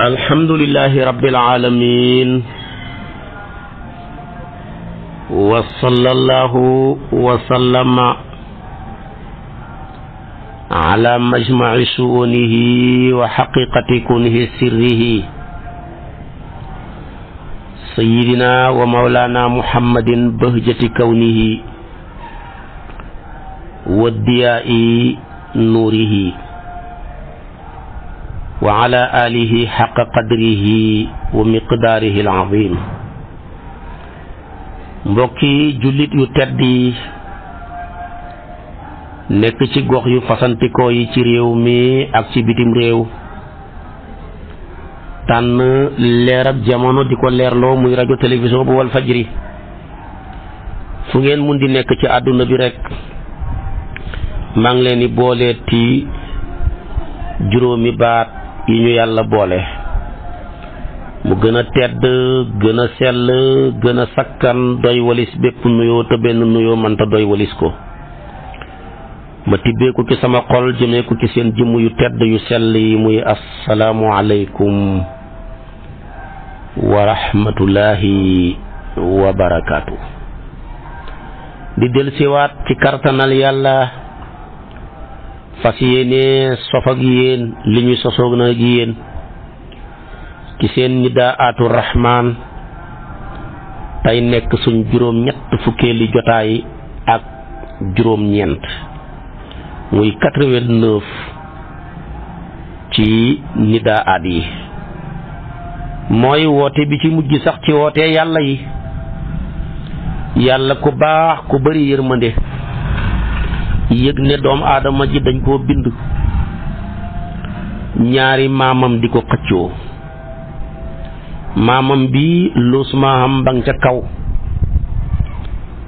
الحمد لله رب العالمين وصلى الله وسلم على مجمع شؤونه وحقيقة كونه سره سيدنا ومولانا محمد بهجة كونه والدياء نوره wa ala alihi xaqa qadrihi wa miqdaarihi alazim mbokki jullit yu tedd yi nekk ci gox yu fasantikoo yi ci réew mi ak ci bitim réew tànn leer jamono di ko leerloo muy rajo télévision bu wal fajri fu ngeen mun di nekk ci àdduna bi rekk maa ngi leen di booleeti juróomi baat yi ñu yàlla boole mu gën a tedd gën a sell gën a sakkan doy walis bépp nuyoo te benn nuyoo mënta doy walis ko ma tibbeeku ci sama xol jëmee ko ci seen jëmm yu tedd yu sell yi muy assalaamu aleykum wa rahmatullahi wa barakaatu di ci kartanal yàlla fas yéene sof ak yéen li ñu sosoog na yéen ci seen nidaatu rahmaan tey nekk suñ juróom ñett fukkeeli jotaay ak juróom ñeent muy quatre-vingt-neuf ci nidaat yi mooy woote bi ci mujj sax ci wootee yàlla yi yàlla ku baax ku bari yërmande yëg ne doom aadama ji dañ koo bind ñaari maamam di ko xëccoo maamam bi loos maaham ba nga ca kaw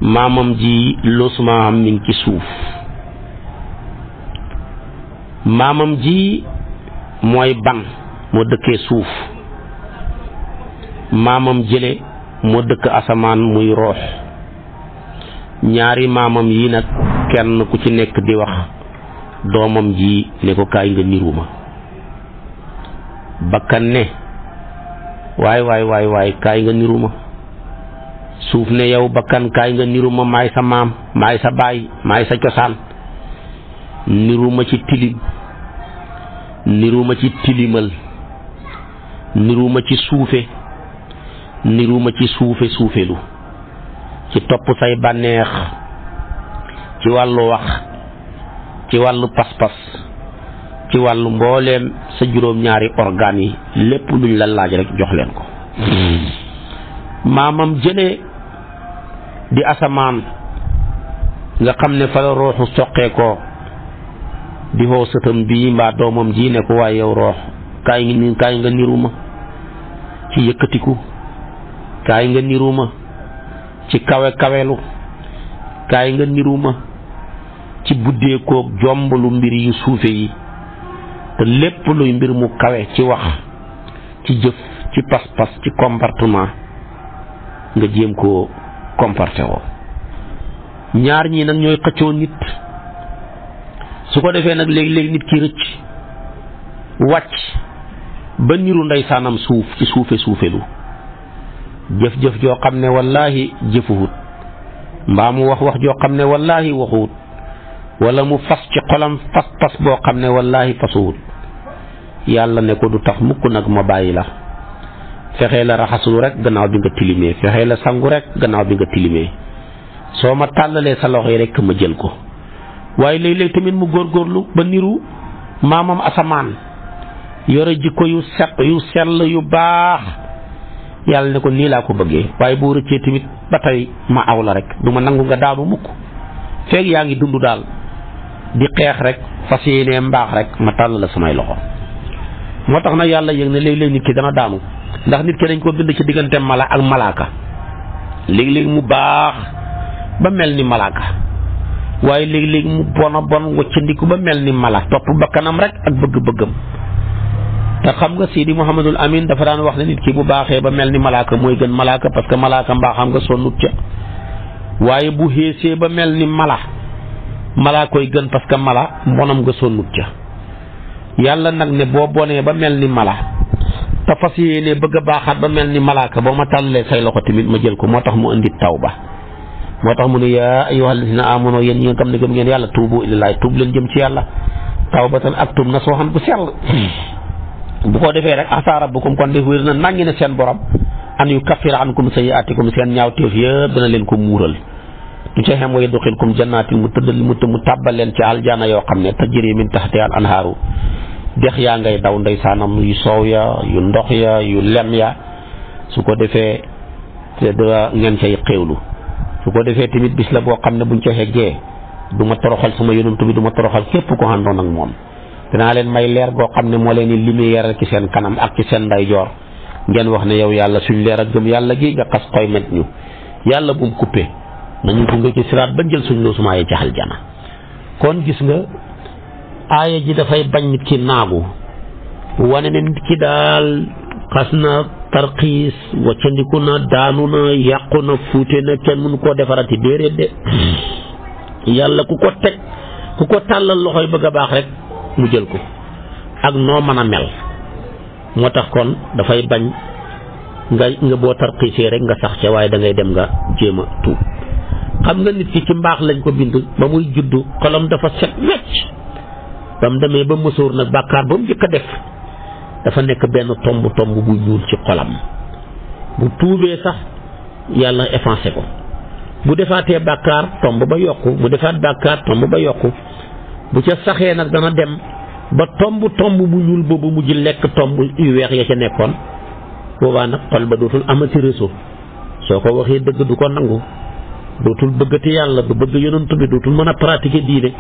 maamam ji loos maaham mi ngi ci suuf maamam ji mooy ban moo dëkkee suuf maamam jële moo dëkk asamaan muy roox ñaari maamam yi nag kenn ku ci nekk di wax doomam ji ne ko kaay nga niru ma bakkan ne waay waay waay kaay nga niru ma suuf ne yow bakkan kaay nga niru ma maay sa maam maay sa baay maay sa cosaan niru ma ci tilim niru ma ci tilimal niru ci suufe niru ma ci suufe suufelu ci topp say bànneex ci wàllu wax ci wàllu pas-pas ci wàllu mbooleem sa juróom-ñaari organes yi lépp luñ la laaj rek jox leen ko maamam jëlee di asamaan nga xam ne fa la rooxu soqee ko di xoo sëtam bii mbaa doomam ji ne ko waaye yow roox kaay ngi kaay nga niruma ci yëkkatiku kaay nga niruma ci kawe kawelu kaay nga niru ma ci buddeekoog jombalu mbir yu suufe yi te lépp luy mbir mu kawe ci wax ci jëf ci pas-pas ci comportement nga jéem ko comporté woo ñaar ñii nag ñooy xëccoo nit su ko defee nag léegi-léegi nit ki rëcc wàcc ba niru ndeysaanam suuf ci suufe suufelu jëf-jëf joo xam ne wallaahi jëfuwut mbaa mu wax wax joo xam ne wallaahi waxuwut wala mu fas ci xolam fas fas boo xam ne wallaahi fasuwut yàlla ne ko du tax mukk nag ma bàyyi la fexe la raxaslu rek gannaaw bi nga tilimee fexee la sangu rek gannaaw bi nga tilimee soo ma tàllalee sa loxo yi rek ma jël ko waaye léeg-léeg tamit mu góorgóorlu ba niru maamam asamaan yore jikko yu set yu sell yu baax yalla ne ko nii la ko beugé waaye bu rëccee tamit ba ma aw la rek duma ma nangu nga daanu mukk fek yaangi ngi daal di xex rek fasiyene mbax rek ma tal la samay loxo motax na yalla yàlla ne lay lay nit ki dana daanu ndax nit ki dañ ko bind ci diggante mala ak malaka léeg-léeg mu bax ba melni malaka. waye waaye léeg mu bona bon a bon ba melni ni mala topp bakkanam rek ak bëgg-bëggam te xam nga sidi muhammadul amin dafa daan wax ne nit ki bu baaxee ba mel ni malaaka mooy gën malaaka parce que malaaka mbaa xam nga sonnut ca waaye bu xeesee ba mel ni mala mala koy gën parce que mala mbonam nga sonnut ca yàlla nag ne boo bonee ba mel ni mala te fas yéene bëgg a baaxaat ba mel ni malaaka boo ma tàllalee say loxo timit ma jël ko moo tax mu indi taw ba moo tax mu ne yaa ayyuha alladina amano yéen ñi nga xam ne gëm ngeen yàlla tuubu tuub leen jëm ci yàlla taw ba tan ak tuub na soo xam bu sell bu ko defee rek asaa rabbukum ko def na nangi na seen borom an yu kaffira ankum sayyi'atikum seen ñaawteef yëpp dana leen ko muural du ca xem wa yadxilkum jannatin mu tëddal mu mu tàbbal leen ci aljana yoo xam ne tajri min tahtiha al anhaaru dex yaa ngay daw ndeysaanam yu soow ya yu ndox ya yu lem ya su ko defee te da ngeen cay xéewlu su ko defee tamit bis la boo xam ne buñ ca xeggee du ma toroxal suma yonent bi du ma toroxal képp ko àndoon ak moom dina leen may leer goo xam ne moo leen di lumière ci seen kanam ak ci seen ndeyjoor ngeen wax ne yow yàlla suñ leer ak gëm yàlla gi nga xas koy met ñu yàlla bu mu coupé nañu gunge ci siraat ba jël suñ ci aljana kon gis nga aaya ji dafay bañ nit ki naagu wane ne nit ki daal xas na tarxiis waccandiku na daanu na yàqu na fuute na kenn mun defarati de yàlla ku ko teg ku ko tàllal loxoy bëgg a baax rek mu jël ko ak noo mën a mel moo tax kon dafay bañ nga nga boo tarxiisee rek nga sax ca waaye da ngay dem nga jéem tuub xam nga nit ki ci mbaax lañ ko bind ba muy juddu xolam dafa set wecc ba mu demee ba mësoor nag bàkkaar ba mu jëkk def dafa nekk benn tomb tomb bu ñuul ci xolam bu tuubee sax yàlla effacé ko bu defaatee bàkkaar tomb ba yokk mu defaat bàkkaar tomb ba yokku bu ca saxee nag dana dem ba tomb tomb bu ñuul boobu mujj lekk tomb yu weex ya ca nekkoon boobaa nag xol ba dootul amati réseau soo ko waxee dëgg du ko nangu dootul bëggati yàlla du bëgg yonent bi dootul mën a pratiquer diine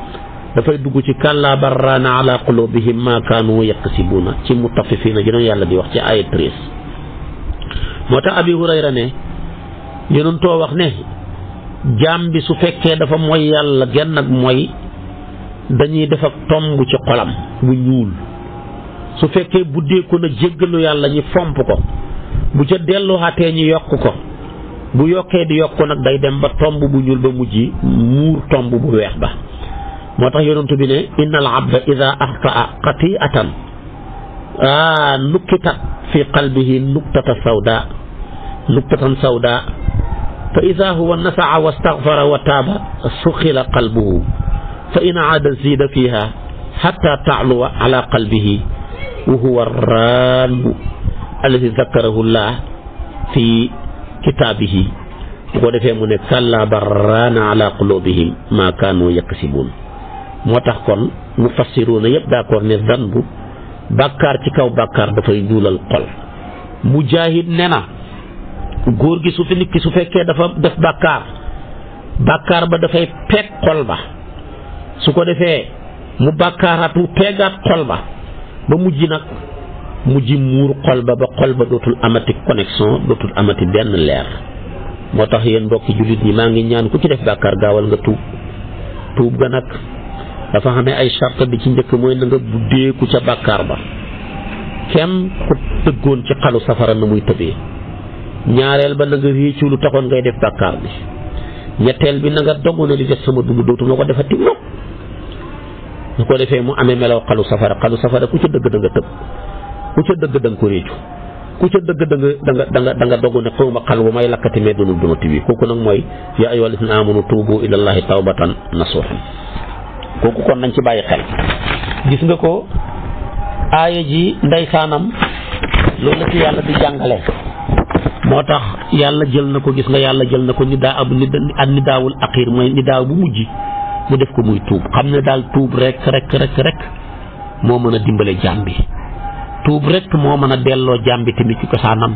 dafay dugg ci kàllaa barraana ala qulubihim ma kaanu yaqsibuuna ci mutaffifina ji doon yàlla di wax ci aaya treize moo tax abi hurayra ne yonentoo wax ne jaam bi su fekkee dafa mooy yàlla genn ak mooy dañuy def ak tomb ci xolam bu ñuul su fekkee buddeeku na jéggalu yàlla ñi fomp ko bu ca delluwaatee ñu yokk ko bu yokkee di yokk nag day dem ba tomb bu ñuul ba mujj muur tomb bu weex ba moo tax yonent bi ne inna al abda ida axtaa xatiatan nukkitat fi qalbihi nuktata sawda nuktatan sawda fa ida huwa nasaa wa staxfara wa taaba suxila qalbuhu fa in aada zida fiha xata taaluwa ala qalbihi wa huwa raanu alladi zakarahu llah fi kitaabihi bu ko defee mu ne kàllaa ba raana ala qulubihim maa kaanu yaqsibuun moo tax kon mu fassiruuna yëpp d'accord ne zanbu bàkkaar ci kaw bàkkaar dafay ñuulal xol mujaahid ne na góor gi su fi nit ki su fekkee dafa def bàkkaar bàkkaar ba dafay peeg xol ba su ko defé mu bakaratu tegaat xol ba ba mujj nag mujj muur ba ba dotul amati connexion dotul amati ben leer motax yeen yéen julit ni ma ngi ñaan ku ci def bakar gawal nga tuub tuub ga nag dafa xamé ay charte bi ci njëkk moy nga nga ku ca bakar ba kenn ku tëggoon ci xalu safara na muy tebe ñaarel ba nga réccu lu taxon ngay def bakar bi ñettel bi nga dogu na li def sama nga ko defati su ko defee mu amee melaw xalu safara xalu safara ku ca dëgg da nga tëb ku ca dëgg da ko réccu ku ca dëgg da nga da nga da nga dogu xal bu may làkkati mais dunul duma tibi kooku nag mooy yaa ayyuhal lazina amanu tuubu ilallahi tawbatan nasuhan kooku kon nañ ci bàyyi xel gis nga ko aaya ji ndeysaanam loolu la ci yàlla di jàngale moo tax yàlla jël na ko gis nga yàlla jël na ko ni daa ab ni daawul axiir mooy ni daaw bu mujj mu def ko muy tuub xam ne daal tuub rek rek rek rek moo mën a dimbale jaam bi tuub rek moo mën a delloo jaam bi tamit ci cosaanam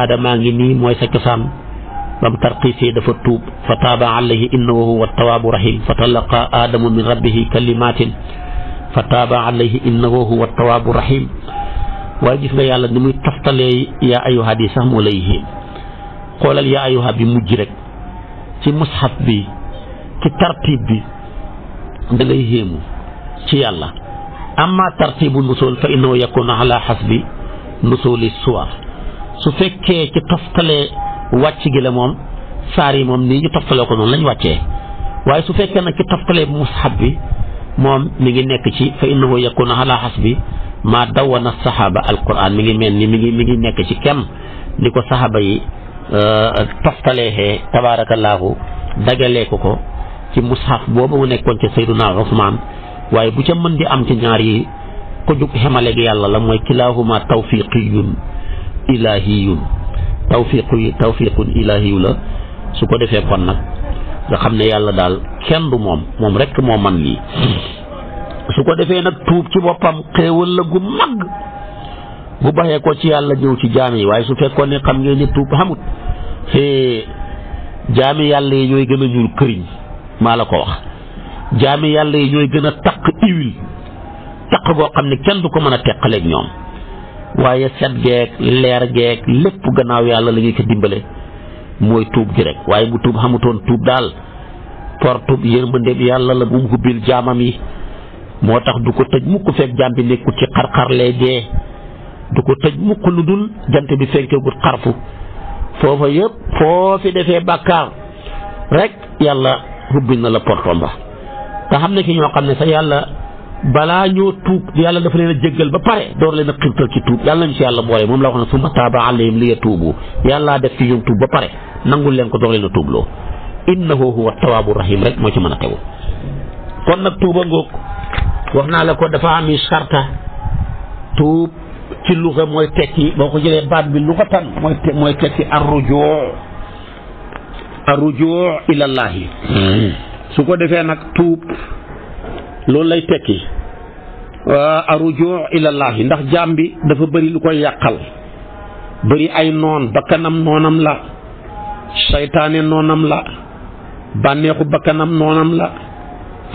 aadamaa ngi nii mooy sa cosaan bam tarxiisee dafa tuub fa taaba alayhi innahu huwa tawaabu tawaabu rahim waaye gis nga yàlla ni muy taftalee yaa ayuha yi sax moo lay yéem xoolal yaa ayuha mujj rek ci mushaf bi ci tartib bi da ngay yéemu ci yàlla amma tartibu nusul fa innahu yakunu ala xasbi nusuli suwar su fekkee ci toftale wàcc gi la moom saar yi moom nii ñu toftalee ko noonu lañ wàccee waaye su fekkee nag ci toftale mushab bi moom mi ngi nekk ci fa innahu yakunu ala xasbi ma dawana saxaaba alquran mi ngi mel ni mi ngi mi ngi nekk ci kenn ni ko saxaaba yi euh, toftalee xee tabaarakallaahu dagalee ko ko ci mushaf boobu mu nekkoon ca sayduna Usmaan waaye bu ca mën di am ci ñaar yi ko jug xemaleeg yàlla la mooy kilaahuma tawfiqiyun ilaahiyun tawfiqu tawfiqun ilaahiyu la su ko defee kon nag nga xam ne yàlla daal kenn du moom moom rekk moo man lii su ko defee nag tuub ci boppam xéewal la gu mag bu baxee ko ci yàlla ñëw ci jaam yi waaye su fekkoon ne xam ngeen ni tuub xamut jaami yàlla yi ñooy gën a ñuul këriñ maa la ko wax jaami yàlla yi ñooy gën a taq iwil taq goo xam ne kenn du ko mën a teqaleeg ñoom waaye set geeg leer geeg lépp gannaaw yàlla la ñuy ko dimbale mooy tuub gi rek waaye bu tuub xamutoon tuub daal porte yërmandeem yàlla la bu mu hubbil jaamam yi moo tax du ko tëj mukk fekk jaam bi nekkul ci xar-xar dee du ko tëj mukk lu dul jant bi fenkeegut xarfu foofa yëpp foo defee bàkkaar rek yàlla ubbil na la portom ba te xam ne ki ñoo xam ne sa yàlla balaa ñoo tuub yàlla dafa leen a jéggal ba pare door leen a ci tuub yàlla nañu si yàlla boole moom la wax ne summa taaba alayhim li yatuubu yàllaa def ci ñoom tuub ba pare nangul leen ko door leen a tuubloo innahu huwa tawaabu rahim rek moo ci mën a tegu kon nag tuuba ngoog wax naa la ko dafa ami sarta tuub ci luga mooy tekki boo ko jëlee baat bi lugatan mooy mooy tekki arrujoo arrujuu ilallahi su ko defee nag tuub loolu lay tekki arrujuu ilallahi ndax jaam bi dafa bari lu koy yàqal bari ay noon bakkanam noonam la saytaane noonam la bànneexu bakkanam noonam la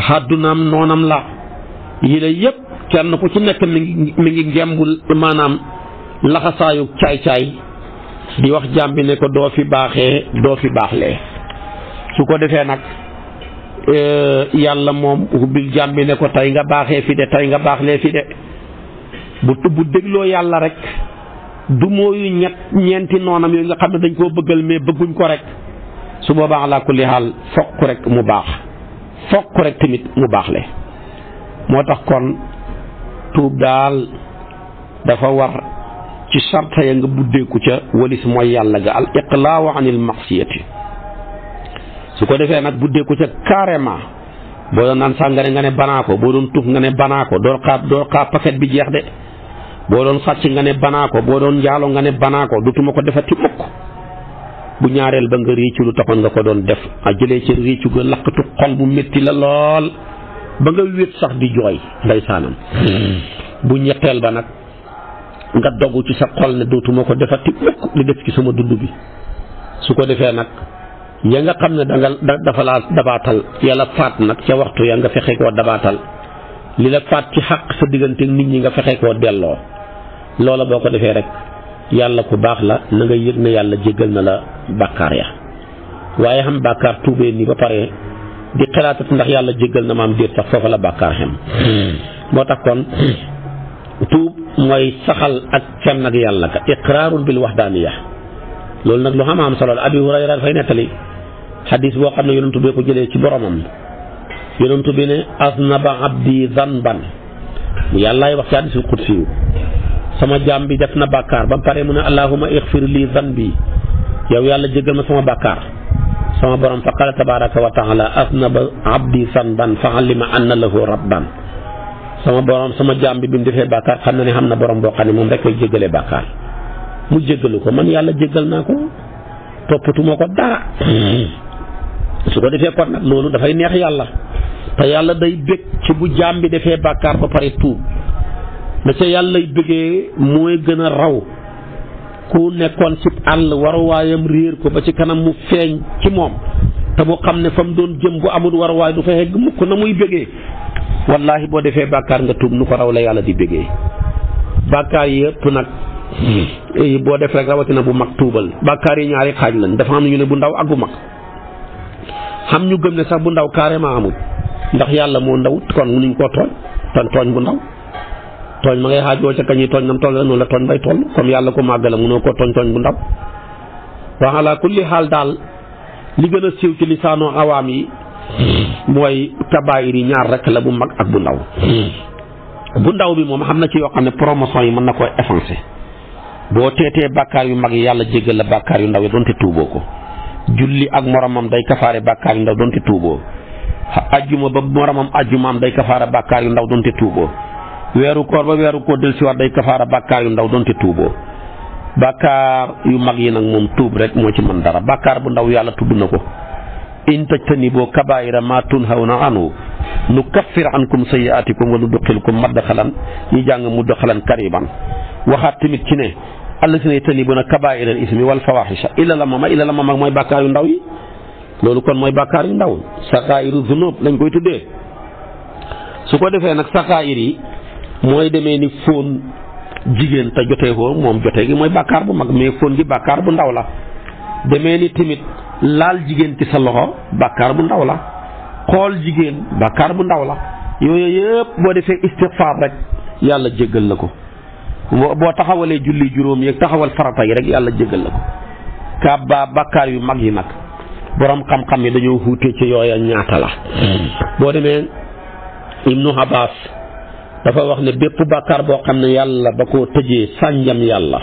xàddunaam noonam la yile yépp kenn ku ci nekk mi ngi mi ngi maanaam laxasaayu caay-caay di wax jàmbi ne ko doo fi baaxee doo fi baax lee su ko defee nag eh, yàlla moom ubbil jàmbi ne ko tey nga baaxee fi de tey nga baax lee fi de bu bu dégloo yàlla rek du mooyu ñett ñeenti noonam yooyu nga xam ne dañ koo bëggal mais bëgguñ ko rek su boobaa ala kulli xaal fokk rek mu baax fokk rek tamit mu baax baaxle moo tax kon tuub daal dafa war ci sarta ya nga buddeeku ca walis mooy yàlla ga al iqlaaw anil maxsiyati su ko defee nag buddeeku ca carrément boo doon naan sàngare nga ne banaako boo doon tux nga ne banaako ko doo xaar doo bi jeex de boo doon sàcc nga ne banaako boo doon njaalo nga ne banaa ko dutuma ko defati mukk bu ñaareel ba nga réccu lu taxoon nga ko doon def a jële ca réccu ga lakkatu xol bu metti la lool ba nga wéet sax di jooy ndeysaanam hmm. bu ñetteel ba nag nga dogu ci sa xol ne dootuma ko defati mukk li def ci sama dund bi su ko defee nag ya nga xam ne danga dafa laa dabaatal yàlla faat nag ca waxtu ya nga fexe koo dabaatal li la faat ci xaq sa diggante nit ñi nga fexe koo delloo loola boo ko defee rek yàlla ko baax la na nga yëg ne yàlla jéggal na la bàkkaar ya waaye xam bàkkaar tuubee ni ba pare di xalaatat ndax yàlla jéggal na maam déet sax foofa la bàkkaar xem hmm. moo tax kon tuub mooy saxal ak kenn ak yàlla ka iqraarul bil waxdaaniya loolu nag lu xam am solo la abi hurayra dafay nettali xadis boo xam ne yonentu bee ko jëlee ci boromam yonentu bi ne asnaba abdi zanban bu yàllaay wax ci hadisul qudsi sama jaam bi def na bàkkaar ba pare mu ne allahuma ixfir li zanbi yow yàlla jéggal ma sama bàkkaar sama borom fa qala tabaraka wa taala asnaba abdi zanban fa alima anna lahu rabban sama borom sama jaam bi bi mu defee bàkkaar xam na ne xam na borom boo xam ne moom rek ay jéggale bàkkaar mu jéggalu ko man yàlla jéggal naa ko toppatuma ko dara su ko defee kon nag loolu dafay neex yàlla te yàlla day bég ci bu jaam bi defee bàkkaar ba pare tuub na ca yàllay bégee mooy gën a raw ku nekkoon ci àll waruwaayam réer ko ba ci kanam mu feeñ ci moom te mu xam ne fa mu doon jëm bu amul waruwaay du fa hegg mukk na muy bégee wallaahi boo defee bàkkaar nga tuub nu ko raw la yàlla di bëggee bàkkaar yëpp nag eh, boo def rek rawatina bu mag tuubal bàkkaar yi ñaari xaaj lañ dafa am ñu ne bu ndaw ak bu mag xam ñu gëm ne sax bu ndaw carrément amul ndax yàlla moo ndawut kon mënuñ koo tooñ kon tooñ bu ndaw tooñ ma ngay xaajoo ca kañuy tooñ nam toll la noonu la tooñ yàlla ko màgg la mënoo koo tooñ tooñ bu ndaw wa ala kulli xaal daal li gën a siiw ci lisaanu awaam yi mooy kabaayir yi ñaar rek la bu mag ak bu ndaw bu ndaw bi moom xam na ci yoo xam ne promotion yi mën na koy effacé boo teetee bàkkaar yu mag yi yàlla jéggal la bàkkaar yu ndaw yi donte tuuboo ko julli ak moromam day kafaare bàkkaar yu ndaw donte tuuboo ajjuma ba moromam ajjumaam day kafaara bàkkaar yu ndaw donte tuuboo weeru koor ba weeru koor del si war day kafaara bàkkaar yu ndaw donte tuuboo bàkkaar yu mag yi nag moom tuub rek moo ci mën dara bàkkaar bu ndaw yàlla tubb na ko in tajtanibu kabaira ma tunhawna anhu nu kaffir ankum sayyi'atikum wa nu duxilkum madxalan ñu jàng mudxalan kariman waxaat tamit ci ne allazina yajtanibuna kabaira al-ismi wal fawahisha illa la mama illa la mama mooy bàkkaar yu ndaw yi loolu kon mooy bàkkaar yu ndaw saxaayiru zunub lañ koy tuddee su ko defee nag saxaayir yi mooy demee ni fóon jigéen te jotee ko moom jotee mooy bàkkaar bu mag mais fóon gi bàkkaar bu ndaw la demee ni tamit laal jigéen ci sa loxo bàkkaar bu ndaw la xool jigéen bàkkaar bu ndaw la yooyu yëpp boo defee istixfaar rek yàlla jéggal la ko boo taxawalee julli juróom yeeg taxawal farata yi rek yàlla jéggal la ko kàbbaa bàkkaar yu mag yi nag boroom xam-xam yi dañoo wuute ci yooya ñaata la boo demee Ibnu Abbas dafa wax ne bépp bàkkaar boo xam ne yàlla da koo tëjee sànjam yàlla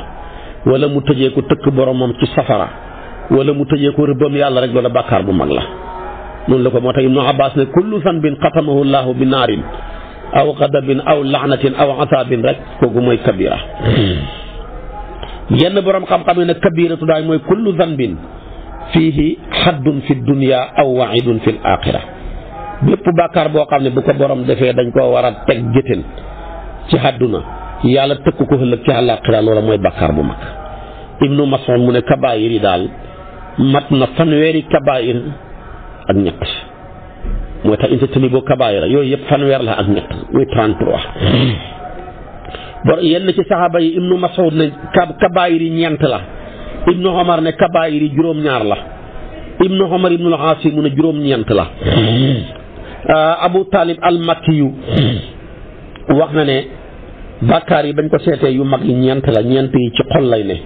wala mu tëjee ko tëkk boromam ci safara wala mu tëjee ko rëbbam yàlla rek loola bàkkaar bu mag la noonu la ko moo tax ibnu abbas ne kullu sanbin xatamahu llahu bi naarin aw xadabin aw laxnatin aw asaabin rek kooku mooy kabira yenn borom xam-xam ne kabiratu daay mooy kullu zanbin fiihi xaddun fi dunya aw waidun fi alaaxira bépp bàkkaar boo xam ne bu ko borom defee dañ koo war a teg jëten ci àdduna yàlla tëkk ko ëllëg ci alaaxira loola mooy bàkkaar bu mag ibnu Mas'ud mu ne kabaayir yi daal mat na fanweeri kabaayir ak ñett mooy tax inte tëli boo yooyu yëpp fanweer la ak ñett muy 33 bor yenn ci saxaaba yi ibnu Mas'ud ne kabaayir yi ñeent la ibnu Omar ne kabaayir yi juróom-ñaar la ibnu Omar ibnu al-Aas mu ne juróom-ñeent la ah, Abu Talib al-Makkiyu wax na ne bàkkaar yi bañ ko seetee yu mag yi ñeent la ñeent yi ci xol lay ne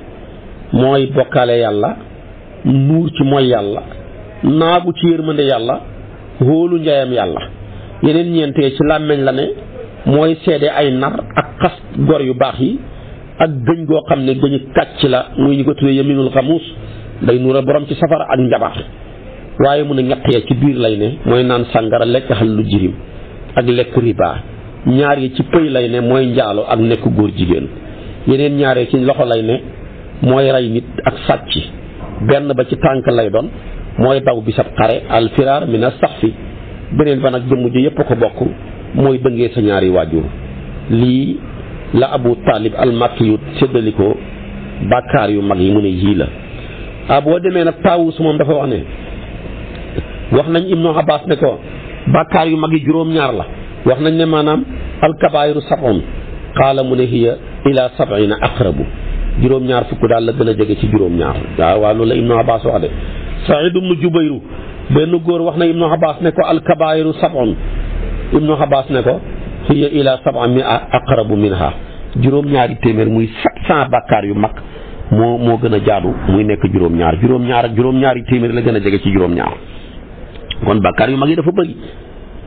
mooy bokkaale yàlla nuur ci mooy yàlla naagu ci yërmande yàlla hóolu njaayam yàlla yeneen ñeentee ci làmmeñ la ne mooy seede ay nar ak xas gor yu baax yi ak gëñ goo xam ne gëñu kàcc la muy ñu ko tuddee yaminul xamuus day nuural borom ci safara ak njabar waaye mu ne ñaq ya ci biir lay ne mooy naan sàngara lekk xal lu jirim ak lekk riba ñaar yi ci pëy lay ne mooy njaalo ak nekk góor jigéen yeneen ñaar yi ci loxo lay ne mooy rey nit ak sàcc benn ba ci tànk lay doon mooy daw bisab xare alfiraar min as-saxfi beneen ba nag jëmm ji yëpp ko bokk mooy dëngee sa ñaari waajur lii la abu taalib almakki yu séddalikoo bàkkaar yu mag yi mu ne yii la ah boo demee nag taawus moom dafa wax ne wax nañ ibnu abbas ne ko bàkkaar yu mag yi juróom-ñaar la wax nañ ne maanaam alkabaayiru sab'un qaala mu ne hiya ila sab'ina aqrabu juróom-ñaar fukk daal la gën a jege ci juróom-ñaar waaw waaw loolu la Ibnu Abbas wax de Saïd ibnu Jubayru benn góor wax na Ibnu Abbas ne ko alkabaayiru sabon Ibnu Abbas ne ko hiya ila sab'a mi aqrabu minha juróom-ñaari téeméer muy sat cent bàkkaar yu mag moo moo gën a jaadu muy nekk juróom-ñaar juróom-ñaar ak juróom-ñaari téeméer la gën a jege ci juróom-ñaar kon bàkkaar yu mag yi dafa bëri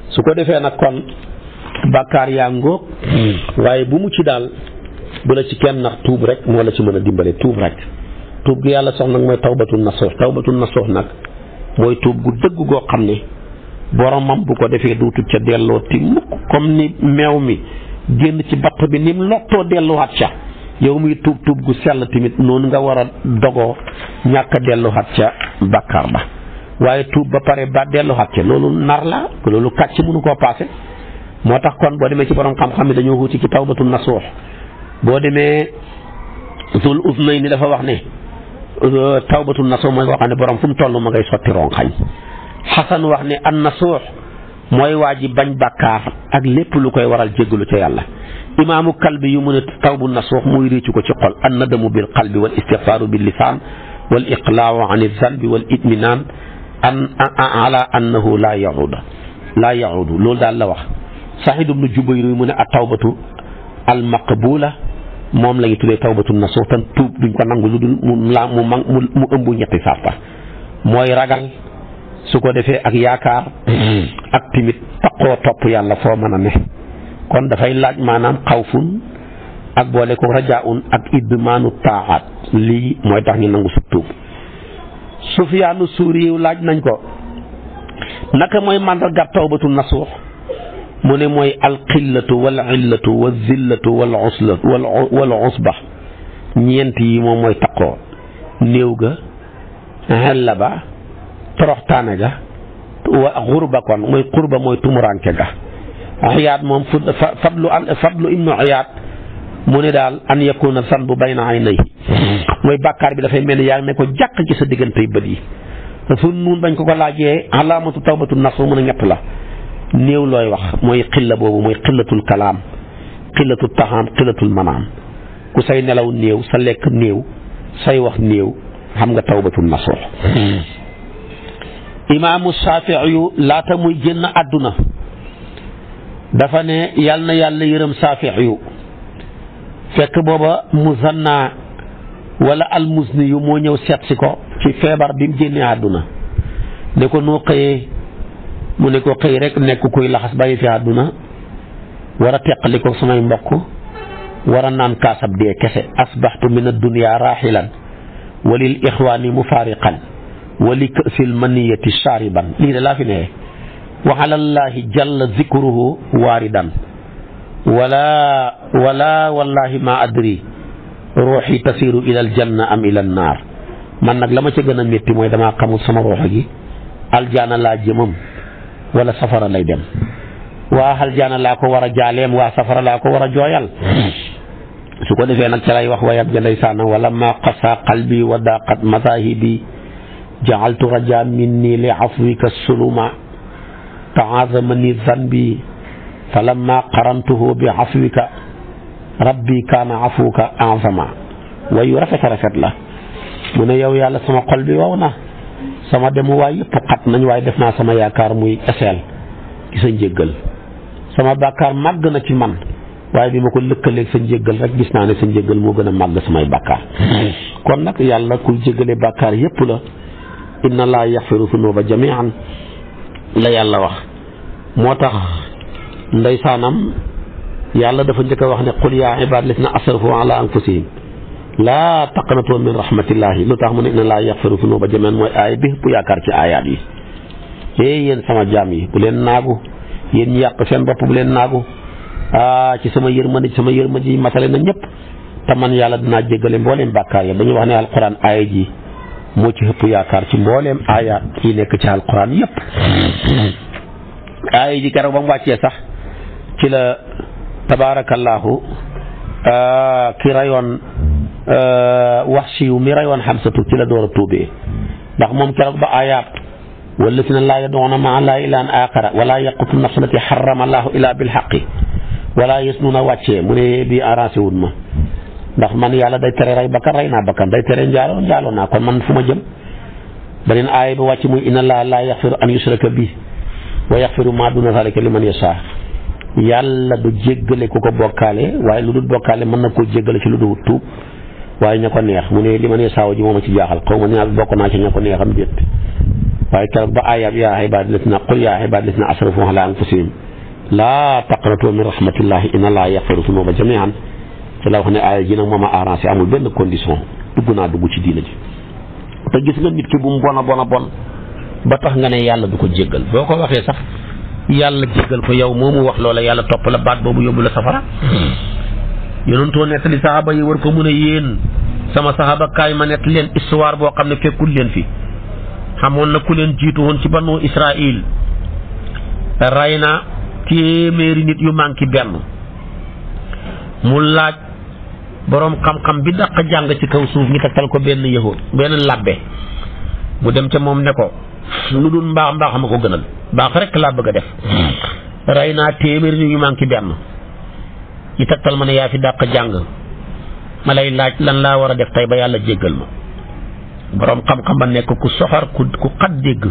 su ko defee nag kon bàkkaar yaa ngóog hmm. waaye bu la ci kenn nax tuub rek moo la ci mën a dimbale tuub rek tuub gi yàlla sax nag mooy tawbatul nasuux tawbatul nasuux nag mooy tuub gu dëgg goo xam ne boromam bu ko defee duutu ca delloo ti mukk comme ni meew mi génn ci batt bi nim mu lottoo delluwaat ca yow muy tuub tuub gu sell timit noonu nga war a dogoo ñàkk a ca ba waaye tuub ba pare ba delluwaat ca loolu nar la loolu kàcc mënu koo paase moo tax kon boo demee ci borom xam-xam yi wuti ci tawbatul boo demee zul usnay ni dafa wax ne tawbatul nasuux mooy koo xam ne borom fu mu toll ma ngay sotti ronxañ xasan wax ne an nasuux mooy waa ji bañ bàkkaar ak lépp lu koy waral jéggalu ca yàlla imaamu kalbi yu mu ne tawbu nasuux muy réccu ko ci xol an nadamu bil qalbi wal istigfaaru bil lisaan wal iqlaawu an zanbi wal itminaan an ala annahu laa yauda laa yaudu loolu daal la wax saxiid ibnu jubayr yu mu ne at tawbatu al maqbula mom lañu ñu tawbatun nasuux tan tuub duñ ko nangul lu dul mu la mu mag mu ëmb ñetti safa moy ragal suko défé ak yaakar ak timit takko top yalla fo mëna né kon da fay laaj manam khawfun ak boole ko rajaun ak idmanu ta'at li moy tax ñu nangul su tuub sufyanu suri laaj nañ ko naka tawbatun mu ne mooy alxillatu wal illatu wal zillatu wal usla wal usba ñeent yi moom mooy taqoo néew ga xella ba toroxtaane ga wa xurba kon mooy xurba mooy tumuranke ga Iyaad moom fadlu an fadlu ibnu Iyaad mu ne daal an yakuna san bu bayna aynayhi mooy bàkkaar bi dafay mel ni yaa ngi ne ko jàkk ci sa diggante bët yi su nuun bañ ko ko laajee alaamatu tawbatu nas mu ne ñett la néew looy wax mooy xilla boobu mooy xillatul kalaam xillatul taxaam xillatul manaam ku say nelaw néew sa lekk néew say wax néew xam nga tawbatul nasuux hmm. imaamu Shaafi'i yu laata muy génn àdduna dafa ne yal na yàlla yërëm Shaafi'i yu fekk booba Muzanna wala almuzni yu moo ñëw seet ko ci feebar bi mu génnee àdduna ne ko noo mu ne ko xëy rek nekk kuy laxas bàyyi fi àdduna war a teqali ko samay mbokk war a naan kaasab dee kese asbaxtu min addunia raaxilan walil ixwaani mufaariqan wali kësil maniyati shaariban lii de laa fi ne wa alallaahi jalla zikruhu waaridan wala wala wallahi ma adri ruuxi tasiru ila aljanna am ila annaar man nag la ma ca gën a métti mooy damaa xamul sama ruux gi aljaana laa jëmam ولا سفر لا يدم واهل جانا لاكو كو ورا جاليم وا سفر لاكو ورا جويال سوكو ديفي نك تلاي واخ ويا جاندي سان ولما قسى قلبي وداقت مذاهبي جعلت رجا مني لعفوك السلوما تعظمني ذنبي فلما قرنته بعفوك ربي كان عفوك اعظم ويرفك رفد له من يو يا الله قلبي وونه sama demuwaay yëpp xat nañ waaye def naa sama yaakaar muy eseel ci sa njéggal sama bàkkaar màgg na ci man waaye bi ma ko lëkkaleeg sa njéggal rek gis naa ne sa njéggal moo gën a màgg samay bàkkaar kon nag yàlla ku jéggale bàkkaar yépp la inna laa yaxfiru sunuba jamian la yàlla wax moo tax ndeysaanam yàlla dafa njëkk a wax ne qul yaa ibaad lasina asrafu ala anfusihim laa taqnatoo min rahmatillahi lu tax mu ne inna laa yaxfiru ba jamii'an mooy aaya bi bu yaakaar ci aayaat yi ee yéen sama jaam yi bu leen naagu yéen ñu yàq seen bopp bu leen naagu ah ci sama yërmande ci sama yërmande ji matale na ñëpp te man yàlla dinaa jéggale mbooleem bàkkaar ya ba ñu wax ne alquran aaya ji moo ci ëpp yaakaar ci mbooleem aayaat yi nekk ci alquran yëpp. aaya ji keroog ba mu wàccee sax ci la tabaarakallaahu ah, ki rayoon Euh, wax si yu mi rayoon xamsatu ci la door a tuubee ndax moom keroog ba ayaat wallazina laa yad'uuna ma'a llaahi ilaahan aaxara wala yaqtuluuna nafsa llatii harrama llaahu illaa bil haqqi wala yasnuuna wàccee mu ne bii arrangé wul ma ndax man yàlla day tere rey bakkan rey naa bakkan day tere njaaloo njaaloo naa kon man fu ma jëm beneen aaya ba wàcc muy inna llaaha laa yaxfiru an yushraka bihi wa yaxfiru maa duuna zaalika liman yashaa yàlla du jéggale ku ko bokkaale waaye lu dul bokkaale mën na koo jéggale ci lu dul tuub waaye ña ko neex mu ne li ma ne saaw ji moom a ci jaaxal xaw ma naa bokk naa ci ña ko neex am déet waaye keroog ba ayab yaa ibaad lasna qul yaa ibaad lasna asrafu ala anfusihim laa taqnatu min rahmatillahi inna allaha yaxfiru zunuba jamian ci la wax ne aaya ji nag moom a arrangé amul benn condition dugg naa dugg ci diina ji te gis nga nit ki bu mu bon a bon a bon ba tax nga ne yàlla du ko jéggal boo ko waxee sax yàlla jéggal ko yow moomu wax loola yàlla topp la baat boobu yóbbu la safara yonentoo nettali saxaaba yi war ko mën a yéen sama saxaaba ma nett leen histoire boo xam ne fekkul leen fi xamoon na ku leen jiitu woon ci banu Israil rey na téeméeri nit yu manqué benn mu laaj boroom xam-xam bi daq jàng ci kaw suuf ñu tegtal ko benn yahóot benn làbbe mu dem ca moom ne ko lu dul mbaax mbaax ma ko gënal baax rekk laa bëgg a def rey naa téeméeri nit yu manqué benn yi tegtal ma ne yaa fi dàq jàng ma lay laaj lan laa war a def tey ba yàlla jéggal ma boroom xam-xam ba nekk ku soxor ku ku xat dégg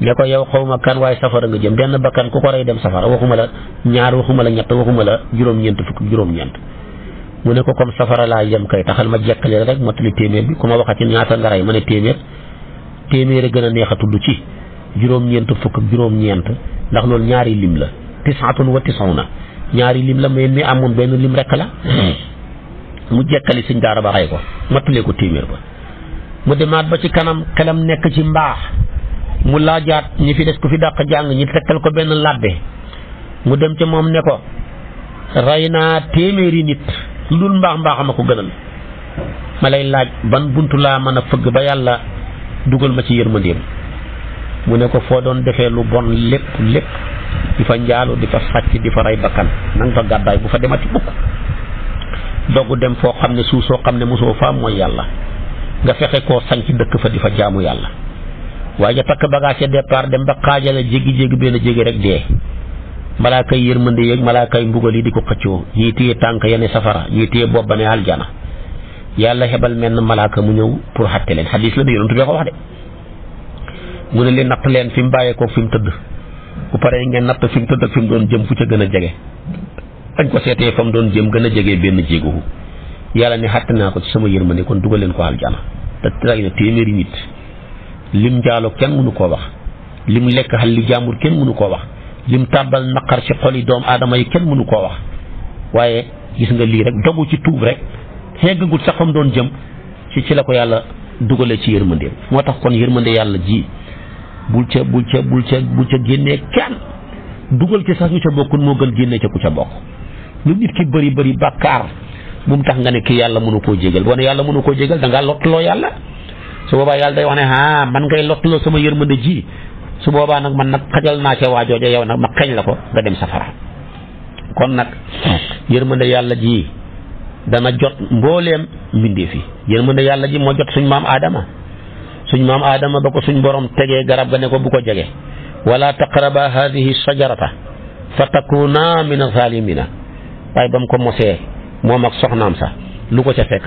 ne ko yow xaw ma kan waaye safara nga jëm benn bakkan ku ko rey dem safara waxuma la ñaar waxuma la ñett waxuma la juróom-ñeent fukk juróom-ñeent mu ne ko comme safara laa jëm kay taxal ma jekkale rek mottali téeméer bi ku ma wax waxati ñaata nga rey ma ne téeméer téeméer a gën a neex a tudd ci juróom-ñeent fukk juróom-ñeent ndax loolu ñaari lim la tisaatun wa tisuna ñaari lim la mais mi amoon benn lim rek la hmm. mu jekkali sëñ daara ba xay ko mattalee ko téeméer ba mu demaat ba ci kanam xelam nekk ci mbaax mu laajaat ñi fi des ku fi dàq jàng ñi tekkal ko benn làbbe mu dem ca moom ne ko rey naa téeméeri nit lu dul mbaax mbaaxam a ko gënal ma lay laaj ban buntu laa mën a fëgg ba yàlla dugal ma ci yërmandeem mu ne ko foo doon defee lu bon lépp lépp di fa njaalu di fa sàcc di fa rey bakkan na nga fa gàddaay bu fa demati bukk dogu dem foo xam ne suuf soo xam ne mosoo faam mooy yàlla nga fexe koo sanc dëkk fa di fa jaamu yàlla waaye ja takk bagage départ dem ba xaajale jéggi-jéggi benn jéggi rek dee malaa kay mën yeeg malaa kay mbugal yi di ko xëccoo ñii téye tànk ya ne safara ñii téye bopp ba ne aljana yàlla xebal menn malaaka mu ñëw pour xatte leen xadis la de yonentu bi ko wax de mu ne li natt leen fi mu bàyyeekoo fi mu tëdd bu paree ngeen natt fi mu tëdd ak fi mu doon jëm fu ca gën a jege bañ ko seetee fa doon jëm gën a jege benn jéego yàlla ne xàtt naa ko ci sama yërmande kon dugal leen ko aljana te tey na téeméeri nit lim njaaloo kenn mënu koo wax lim lekk xal li jàmbur kenn mënu koo wax lim tàbbal naqar ci xol yi aadama yi kenn mënu koo wax waaye gis nga lii rek dogu ci tuub rek xeggagul sax fa doon jëm ci ci la ko yàlla dugale ci yërmandeem moo tax kon yërmande yàlla ji bul ca bul ca bul ca bul ca génnee kenn dugal ci sax ñu ca bokkul moo gën génne ca ku ca bokk lu nit ki bëri bëri bàkkaar bu mu tax nga ne ki yàlla mënu koo jégal boo ne yàlla mënu koo jégal da ngaa yàlla su boobaa yàlla day wax ne ah man ngay lottaloo sama yërmande ji su boobaa nag man nag xajal naa ca waajooja yow nag ma xeeñ la ko nga dem safara kon nag yërmande yàlla ji dana jot mbooleem mbindeef yi yërmande yàlla ji moo jot suñ maam Adama. suñ maam aadama ba ko suñ borom tegee garab ga ne ko bu ko jege wala taqraba hadihi shajarata fa takuna min azalimina waaye ba mu ko mosee moom ak soxnaam lu ko ca fekk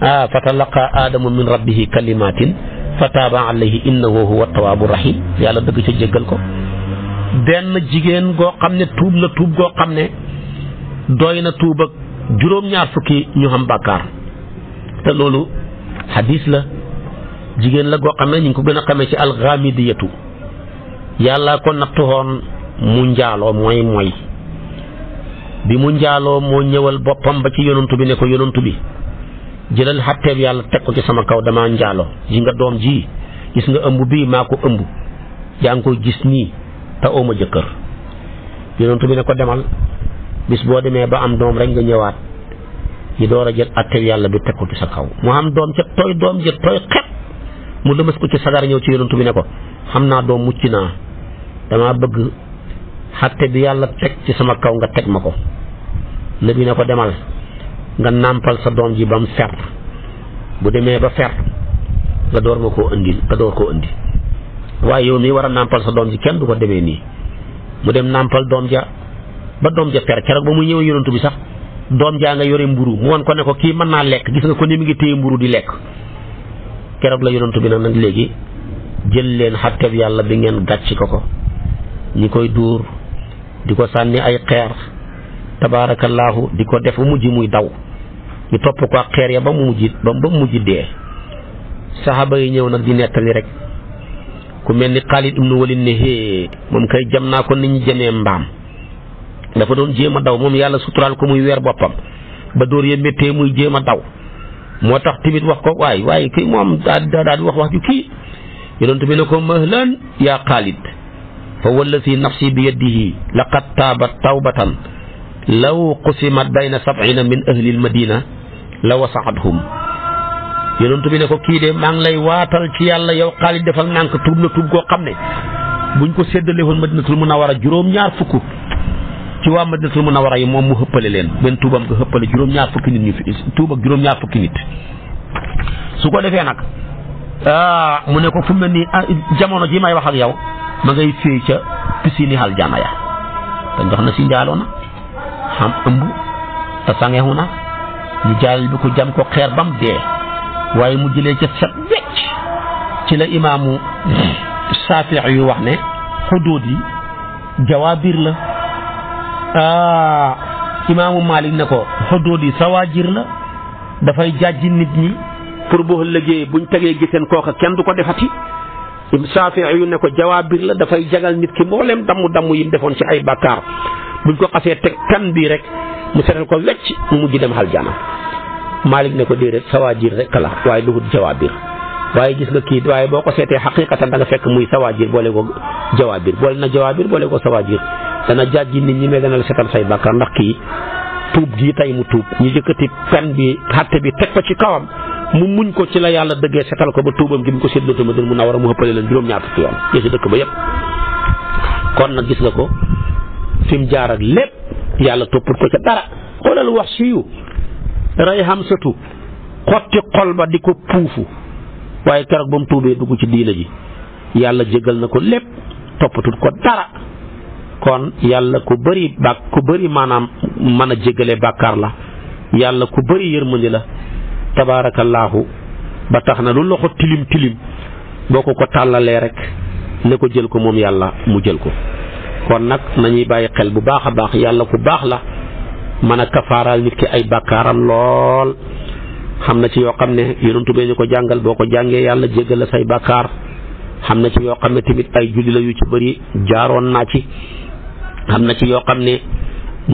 ah fa talaqa aadamu min rabbihi kalimatin fa taaba alayhi innahu huwa tawaabu rahim yàlla dëgg ca jéggal ko benn jigéen goo xam ne tuub na tuub goo xam ne doy na tuub ak juróom-ñaar fukki ñu xam bàkkaar te loolu hadis la jigéen la goo xamee ñu ngi ko gën a xamee ci alxamidiyatu yàlla ko nattuwoon mu njaaloo mooy mooy bi mu njaaloo moo ñëwal boppam ba ci yonantu bi ne ko yonantu bi jëlal yàlla teg ko ci sama kaw damaa njaaloo ji nga doom ji gis nga ëmb bii maa ko ëmb yaa ngi koy gis nii te ooma jëkkër yonantu bi ne ko demal bis boo demee ba am doom rek nga ñëwaat yi door a jël àtteeb yàlla bi teg ko ci sa kaw mu am doom ca tooy doom ja tooy xet mu dem lëmas ko ci sagar ñëw ci yonantu bi ne ko xam naa doom mucc naa damaa bëgg xatte bi yàlla teg ci sama kaw nga teg ma ko léegi ne ko demal nga nàmpal sa doom ji ba mu fer bu demee ba fer nga door ma ko indi nga door ko indi waaye yow mii war a nàmpal sa doom ji kenn du ko demee nii mu dem nàmpal doom ja ba doom ja fer keroog ba muy ñëw yonantu bi sax doom jaa nga yore mburu mu won ko ne ko kii mën naa lekk gis nga ko ni mu ngi téye mburu di lekk keroog la yonantu bi nag nag léegi jël leen xàtteeb yàlla bi ngeen gàcc ko ko ñi koy duur di ko sànni ay xeer tabaarakallaahu di ko def ba mujj muy daw ñu topp ko ak xeer ya ba mu mujj ba mu mujj dee saxaaba yi ñëw nag di nettali rek ku mel ni Xaalid ibnu Walid ne hée moom kay jam naa ko ni ñi jamee mbaam dafa doon jéem a daw moom yàlla suturaal ko muy weer boppam ba dóor ya méttee muy jéem a daw motax timit wax ko way waaye kii moom da da wax wax ju ki yonent bi nako mahlan ya xaalid fa wallasi nafsi bi yadihi laqad taba tawbatan law qusimat bayna sab'ina min ahli almadina law sa'adhum yonent bi nako ki de mang lay watal ci yàlla yow xaalid defal nànk tub na tub go xamne buñ ko séddale woon madinatul munawwara juróom-ñaar fukku ci waa ma Munawwara yi moom mu xëppale leen benn tuubam nga xëppale juróom-ñaar fukki nit ñu fi tuub juróom-ñaar fukki nit su ko defee nag ah mu ne ko fu mel ni ah, jamono ji may wax ak yow ma ngay féey ca piscine yi aljana ya te njox na si njaaloo na xam ëmb te sangeexu na ñu jaal bi ko jam ko xeer bam dee waaye mu jëlee ca set wecc ci la imaamu Saafi yu wax ne xudóot yi la Ah, imaamu Malik ne ko xodóot yi sawaajir la dafay jàjji nit ñi pour boo liggéey buñ tegee giseen kooka kenn du ko defati Saafi yu ne ko jawaabir la dafay jagal nit ki mboolem damm damm yi defoon ci ay bàkkaar buñ ko xasee teg kan bii rek mu setal ko wecc mu mujj dem aljana Malik ne ko déedéet sawaajir rek la waaye duhut jawaabir waaye gis nga kii waaye boo ko seetee xaqiqatan da nga fekk muy sawaajir boole ko jawaabir boole na jawaabir boole ko sawaajir dana jàjji nit ñi mais dana la setal say bàkkaar ndax kii tuub gii tey mu tuub ñu jëkkati pen bi xatte bi teg ko ci kawam mu muñ ko ci la yàlla dëggee setal ko ba tuubam gi mu ko séddoo ma dën mu a mu xëppale leen juróom-ñaar fukki yoon yësi dëkk ba yépp kon nag gis nga ko fi mu jaar ak lépp yàlla toppul ko ca dara xoolal wax siyu rey xamsatu di ko puufu waaye ba mu tuubee dugg ci diina ji yàlla jégal na ko lépp toppatul ko dara kon yàlla ku bari bàkk ku bëri maanaam mën a jégale bàkkaar la yàlla ku bëri yërmandi la tabaarakallaahu ba tax na lu loxo tilim tilim boo ko ko tàllalee rek ne ko jël ko moom yàlla mu jël ko kon nag nañuy bàyyi xel bu baax a baax yàlla ku baax la mën a kafaaraal nit ki ay bàkkaaram lool xam na ci yoo xam ne yonentu bee ñu ko jàngal boo ko jàngee yàlla jéggal la say bàkkaar xam na ci yoo xam ne tamit ay julli la yu ci bari jaaroon naa ci amna ci yo xamne ne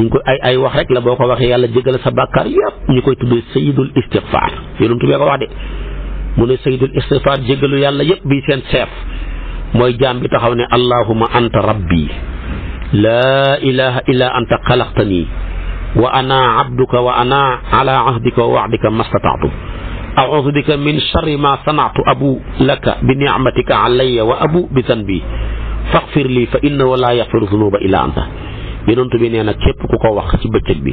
ñu ko ay ay wax rek la boko waxe yàlla jégal sa bakkar yëpp ñu koy tuddee sayidul istigfaar yonentu bee ko wax de mu ne sayidul istigfaar jégalu yàlla yëpp bi sen chef moy jaam bi taxaw ne allahumma anta rabbi la ilaha illa anta khalaqtani wa ana abduka wa ana ala ahdika wa waadika mastataatu أعوذ بك من شر ما صنعت أبو لك بنعمتك علي وأبو بذنبي faxfir lii fa innahu laa yaxfiru zunuba illa anta yonent bi nee nag képp ku ko wax ci bëccëg bi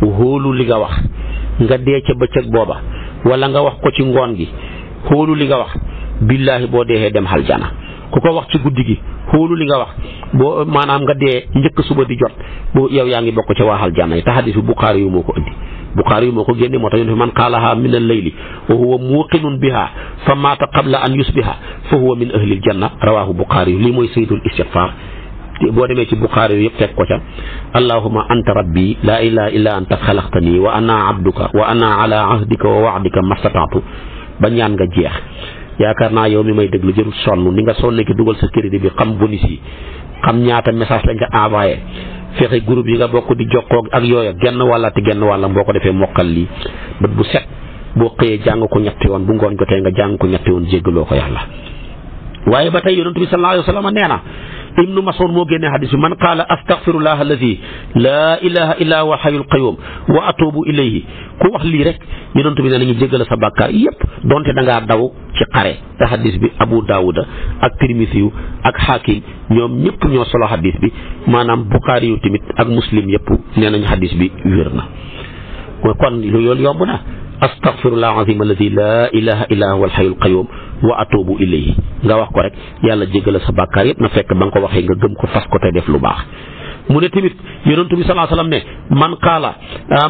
hóolu li nga wax nga dee ca bëccëg booba wala nga wax ko ci ngoon gi hóolu li nga wax billaahi boo deexee dem xaljana ku ko wax ci guddi gi hóolu li nga wax boo maanaam nga dee njëkk suba di jot boo yow yaa ngi bokk ca waa xaljana yi te xadiis bu Buxaari yu moo ko indi Buxaari yi moo ko génne moo tax ñu fi man qaalaha min al layli wa huwa muuqinun biha fa maata qabla an yusbiha fa huwa min ahli al janna rawaahu Buxaari yi lii mooy sayyidul istighfar boo demee ci Buxaari yu yëpp fekk ko ca allahuma anta rabbi laa ilaha illa anta xalaqtani wa ana abduka wa ana ala ahdika wa waadika mastataatu ba ñaan nga jeex yaakaar naa yow mi may déglu jërul sonn ni nga sonn ki dugal sa crédit bi xam bonus yi xam ñaata message lañ nga envoyé fexe groupe yi nga bokk di jokkoo ak yooya genn wàlla te genn wàllam boo ko defee mokkal li bët bu set boo xëyee jàng ko ñetti yoon bu ngoon jotee nga jàng ko ñetti yoon jéggaloo ko yàlla waaye ba tey yonent bi sallallahu alayhi wa sallam nee na ابن مسعود مو جيني حديث من قال استغفر الله الذي لا اله الا هو حي القيوم واتوب اليه كو واخ لي رك يونت بي ناني جيغل سا بكار ييب دونتي داغا داو سي خاري دا حديث بي ابو داوود اك ترمذي اك حاكم نيوم نيب نيو صلو حديث بي مانام بخاري تيميت اك مسلم ييب نيناني حديث بي ويرنا كون يول يومنا astaghfirullah alazim alladi la ilaha illa huwa alhayyul qayyum wa atubu ilayhi nga wax ko rek yàlla jégal sa bàkkaar yëpp na fekk ba nga ko waxee nga gëm ko fas ko te def lu baax mu ne tamit yonentu bi salaa sallam ne man qaala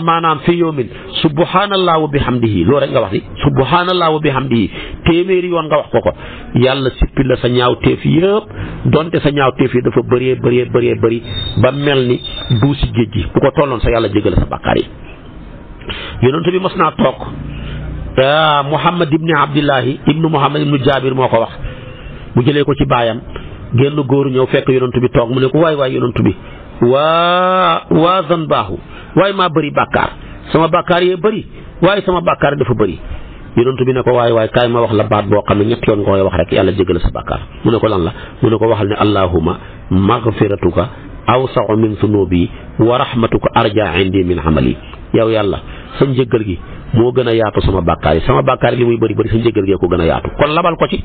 maanaam fi yowmin subhanallah wa bihamdihi loo rek nga wax si subhanallah wa bihamdihi téeméeri yoon nga wax ko ko yàlla sippi la sa ñaaw teef yëpp donte sa ñaaw teef yi dafa bëree bëree bëree bëri ba mel ni duusi géej gi bu ko tolloon sa yàlla jégal sa bàkkaar yi yonent bi mas naa toog ah, Muhammad ibni Abdillahi ibnu Muhammad ibnu Jaabir moo ko wax mu jëlee ko ci baayam génn góor ñëw fekk yonent bi toog mu ne ko waay waay yonent bi waa waa zan baaxu waaye maa bëri bàkkaar sama bàkkaar yee bëri waaye sama bàkkaar dafa bëri yonent bi ne ko waay waay kaay ma wax la baat boo xam ne ñett yoon nga koy wax rek yàlla jégal sa bàkkaar mu ne ko lan la mu ne ko waxal ne allahuma magfiratuka awsau min sunubi wa rahmatuka arja indi min amali yow yàlla sa njëggal gi moo gën a yaatu sama bàkkaar yi sama bàkkaar yi li muy bëri bëri sa njëggal gee ko gën a yaatu kon labal ko ci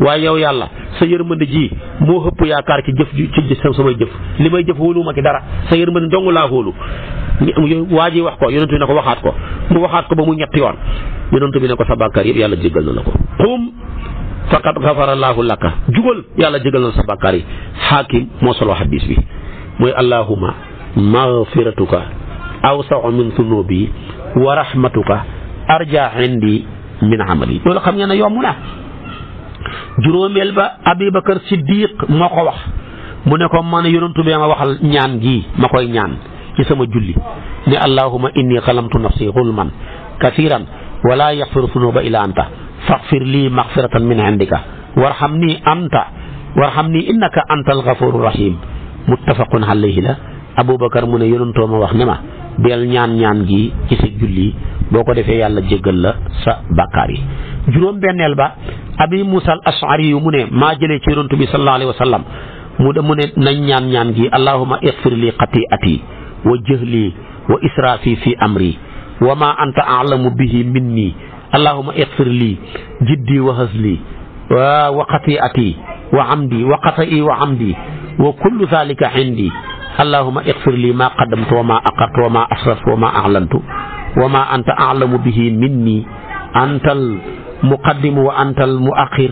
waaye yow yàlla sa yërmande ji moo xëpp yaakaar ci jëf ci samay jëf li may jëf wóoluwuma ci dara sa yërmande dong laa wóolu waa ji wax ko yonent bi ne ko waxaat ko mu waxaat ko ba mu ñetti yoon yonent bi ne ko sa bàkkaar yëpp yàlla jéggal na la ko xum faqad gafara laahu laka jugal yàlla jéggal na sa bàkkaar yi xaakim moo solo xadis bi mooy allahuma magfiratuka awsa min sunubi wa rahmatuka arja indi min amali loolu xam ngeen ne yomb na juróomeel ba abubakar siddiq moko wax mu ne ko man yonantu be ma waxal ñaan gi makoy ñaan ci sama julli ni allahumma inni xalamtu nafsi xulman kathiran wala yaghfiru sunuba ila anta faghfir li maghfiratan min indika Warhamni anta Warhamni innaka antal ghafurur rahim muttafaqun alayhi la Aboubacar mu ne yonantoo ma wax ne del ñaan ñaan gi ci sa julli boko defé yàlla jéggal la sa bàkkaar yi juróom bennel ba abi musa al Ashari mu ne ma jele ci yonantu bi sallallahu alayhi wasallam mu de mu ne na ñaan ñaan gi allahumma ighfir li khati'ati wa jahli wa israfi fi amri wa ma anta alamu bihi minni allahuma ixfir li jiddi wa hasli wa xatiati wa amdi wa xatai wa amdi wa kullu indi اللهم اغفر لي ما قدمت وما أقرت وما أسرت وما أعلنت وما أنت أعلم به مني أنت المقدم وأنت المؤخر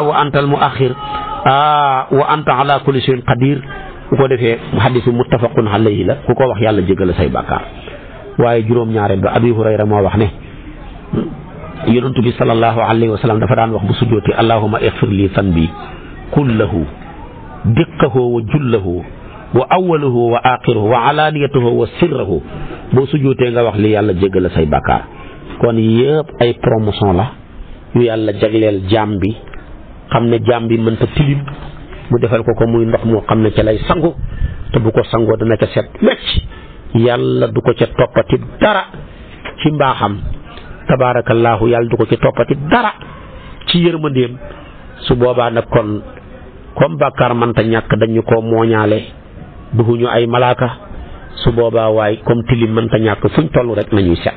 وأنت المؤخر وأنت على كل شيء قدير وكده في حديث متفق عليه لا كوكو وحي الله جيغل ساي بكار واي جوروم نيارين ابي هريره ما واخني يونت بي صلى الله عليه وسلم دا فدان واخ بو اللهم اغفر لي ذنبي كله دقه وجله wa awaluhu wa akhiruhu wa alaniyatuhu wa sirruhu bo sujoute nga wax li yalla jéggal say bakkaar kon yëpp ay promotion la yu yalla jagleel jambi bi jambi ne ta tilim mu defal ko ko muy ndox mo xam ci lay sangu te bu ko sangoo dana ca set wecc yalla du ko ca topati dara ci mbaxam tabarakallah yalla du ko ci topati dara ci yermandem su boba nak kon comme man ta ñak dañu ko duxuñu ay malaaka su boobaa waaye comme tilim mënta ñàkk fuñ toll rek nañuy set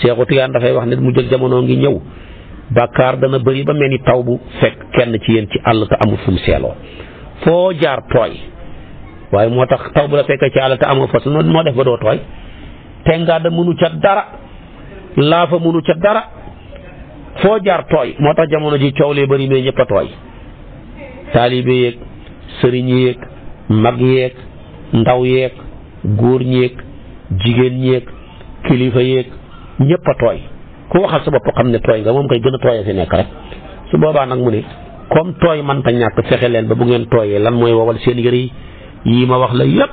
Seexu Tijaan dafay wax ne mu jël jamono ngi ñëw bàkkaar dana bëri ba mel ni taw bu fekk kenn ci yéen ci àll te amul fu mu seeloo foo jaar tooy waaye moo tax taw bu la fekkee ci àll te amoo fas moo def ba doo tooy tengaada mënu ca dara laafa mënu ca dara foo jaar tooy moo tax jamono ji coow lee bari mais ñëpp a tooy taalibe yeeg sëriñ yeeg mag yeeg ndaw yeeg góor ñeeg jigéen ñeeg kilifa yeeg ñëpp a tooy ku waxal sa bopp xam ne tooy nga moom koy gën a tooyee si nekk rek su boobaa nag mu ne comme tooy manta ñàkk fexe leen ba bu ngeen tooyee lan mooy wowal seen yëre yi ma wax la yépp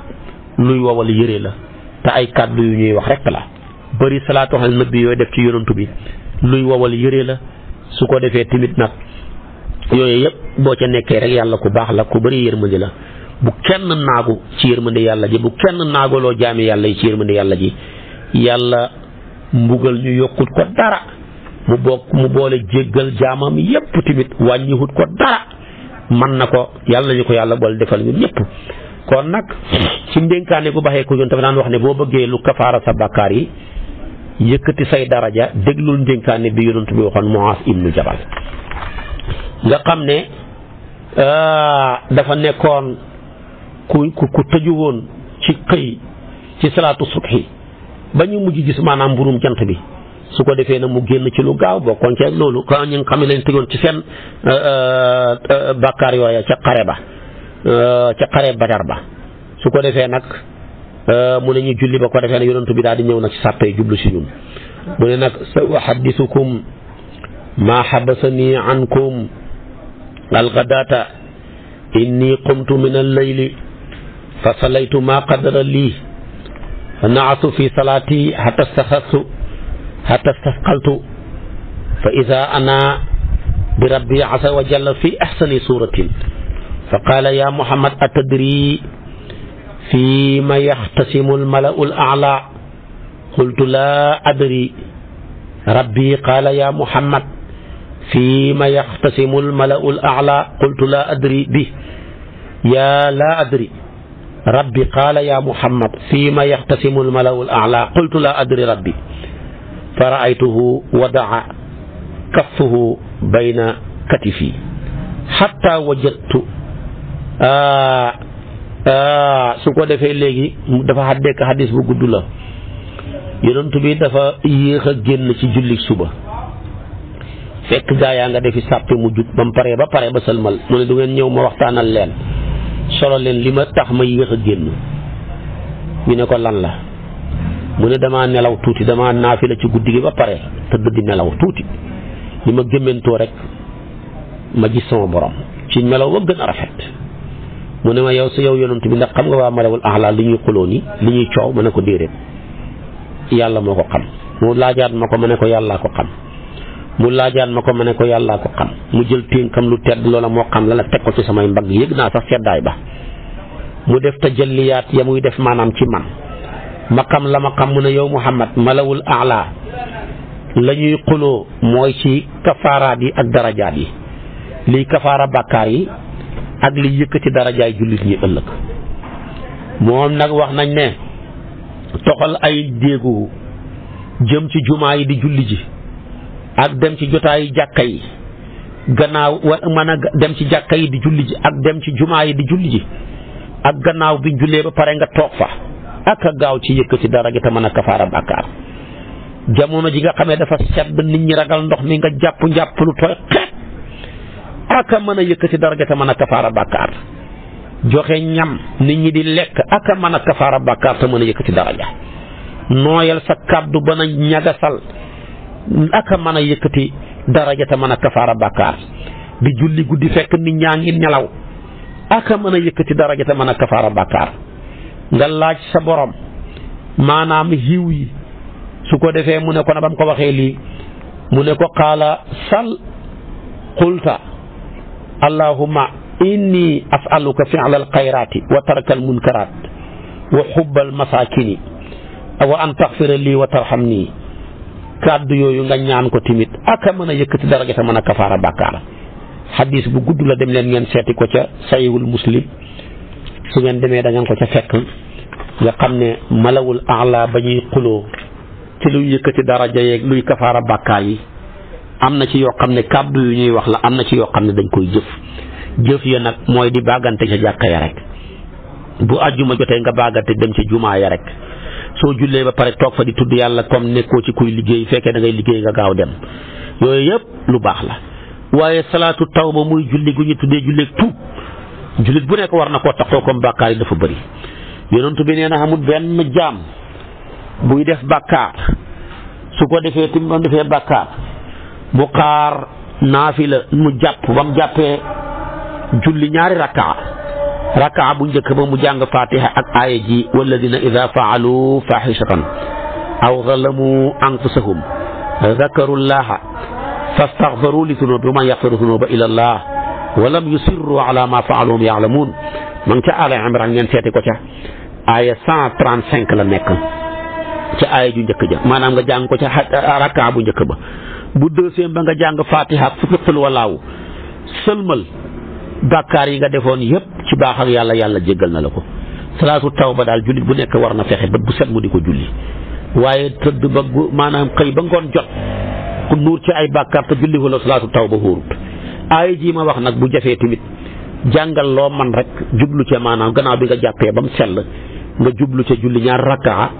luy wowal yére la te ay kàddu yu ñuy wax rek la bëri salaatu ala nabi def ci yonantu bi luy wowal yére la su ko defee tamit nag yooyu yëpp boo ca nekkee rek yàlla ku baax la ku bëri yërmande la bu kenn naagu ci yërmande yàlla ji bu kenn naagaloo jaami yàlla yi ci yërmande yàlla ji yàlla mbugal ñu yokkut ko dara mu bokk mu boole jéggal jaamam yépp tamit wàññiwut ko dara man na ko yàlla ñu ko yàlla boole defal ñun ñëpp kon nag ci ndénkaane bu baxee ko yoon tamit daan wax ne boo bëggee lu kafaara sa bàkkaar yi yëkkati say daraja déglul ndénkaane bi yonent bi waxoon Muaz ibnu Jabal nga xam ne ah, dafa nekkoon ku ku tëju woon ci xëy ci salaatu subhi ba ñu mujj gis maanaam mburum bi su ko defee na mu génn ci lu gaaw bokkoon ci loolu ka ñu nga xam ne lañ ci seen euh, euh, bàkkaar yooya ca xare ba euh, ca xare ba ba su ko defee nag mu ne ñu julli ba ko defee nag yonantu bi daal di ñëw nag ci sàppe jublu si ñun mu ne nag sa uhaddisukum ma habasani ankum algadata inni qumtu min al فصليت ما قدر لي فنعت في صلاتي حتى استخفت حتى استثقلت فإذا أنا بربي عز وجل في أحسن سورة فقال يا محمد أتدري فيما يختصم الملأ الأعلى قلت لا أدري ربي قال يا محمد فيما يختصم الملأ الأعلى قلت لا أدري به يا لا أدري rabbi qaala yaa muhammad fiima yaxtasimu almalawu alaa qultu laa adri rabbi fa raaytuhu wadaa kaffuhu bayna katifi xatta wajadtu su ko defee léegi dafa xaddee ka xaddis bu gudd la yonent bi dafa yéex a génn ci julli suba fekk gaa yaa nga defi sàppi mu jug ba mu paree ba pare ba sëlmal mu ne du ngeen ñëw ma waxtaanal leen solo leen li ma tax ma yéex a génn ñu ne ko lan la mu ne damaa nelaw tuuti damaa la ci guddi gi ba pare tëdd di nelaw tuuti li ma gémmantoo rek ma gis sama borom ci melaw ba gën a rafet mu ne ma yow si yow yonent bi ndax xam nga waa malawul axlaa li ñuy xuloo ni li ñuy coow ma ne ko déedéet yàlla moo ko xam mu laajaat ma ko ma ne ko yàllaa ko xam mu laajaat ma ko ma ne ko yàllaa ko xam mu jël ténkam lu tedd loola moo xam la la teg ko ci samay mbagg yëg naa sax seddaay ba mu def tajalliyaat ya muy def maanaam ci man ma xam la ma xam mu ne yow Muhammad malawul a'la la ñuy xuloo mooy ci kafaaraat yi ak darajaat yi liy kafaara bàkkaar yi ak liy ci darajaay jullit ñi ëllëg moom nag wax nañ ne toxal ay déegu jëm ci jumaa yi di julli ji ak dem ci jotaay jakkay gannaaw war dem ci jakkay di julli ji ak dem ci jumaa yi di julli ji ak gannaaw bi julle ba pare nga toog fa ak a gaaw ci yëkkati dara gi te mën a kafaara bàkkaar jamono ji nga xamee dafa sedd nit ñi ragal ndox mi nga jàpp njàpp lu tooy xeet ak a mën a yëkkati dara gi te mën a kafaara joxe ñam nit ñi di lek ak mana kafara a kafaara bàkkaar te mën a yëkkati dara ja nooyal sa kàddu ba na sal aka mën a yëkkati daraja te mën a kafaara bàkkaar di julli guddi fekk nit ñaa ngi nelaw aka mën a yëkkati daraja te mën a kafaara bàkkaar nga laaj sa borom maanaam yiw yi su ko defee mu ne ko na ba mu ko waxee lii mu ne ko qaala sal qulta allahumma inni as'aluka fi'la alxayraati wa tarka almunkaraat wa xubba almasaakini wa an taxfira lii wa tarxam nii kàddu yooyu nga ñaan ko timit aka mën a yëkkati daraja te mën a kafaara bàkkaara xaddiis bu gudd la dem leen ngeen seeti ko ca sayiwul muslim su ngeen demee da ngeen ko ca fekk nga xam ne malawul ala ba ñuy xuloo ci luy yëkkati daraja yeeg luy kafaara bàkkaar yi am na ci yoo xam ne kàddu yu ñuy wax la am na ci yoo xam ne dañ koy jëf jëf ya nag mooy di bàggante ca jàkka ya rek bu àjjuma jotee nga bàggante dem ca jumaa ya rek soo jullee ba pare toog fa di tudd yàlla comme nekkoo ci kuy liggéey fekkee da ngay liggéey nga gaaw dem yooyu yëpp lu baax la waaye salaatu taw tawba muy julli gu ñu tuddee julleeg tuub jullit bu nekk war na koo taxoo comme bàkkaar yi dafa bëri yonent bi nee na amul benn jaam buy def bàkkaar su ko defee tim doon defee bàkkaar mu xaar naafi la mu jàpp ba mu jàppee julli ñaari rakkaa raka bu njëkk ba mu jàng fatiha ak aaya ji walladina ida faalu fahishatan aw zalamu anfusahum zakaru llaha fastaxfaru li zunubi wa man yaxfiru zunuba ila llah wa lam yusirru ala ma faaluhum yaalamuun ma ngi ca Aali Imraan ngeen ko ca aaya cent la nekk ca aaya ju njëkk ja maanaam nga jàng ko ca raka bu njëkk ba bu deuxième ba nga jàng fatiha ak fukki sëlmal bakari yi nga defoon yépp ci baax ak yàlla yàlla jéggal na la ko salaatu tawba daal julit bu nekk war na fexe bët bu set mu di ko julli waaye tëdd ba maanaam xëy ba ngoon jot ku nuur ci ay bakar te julli wala salaatu tawba aay ji ma wax nag bu jafee timit jàngal loo man rek jublu ca maanaam gannaaw bi nga jàppee ba mu sell nga jublu ca julli ñaar rakkaa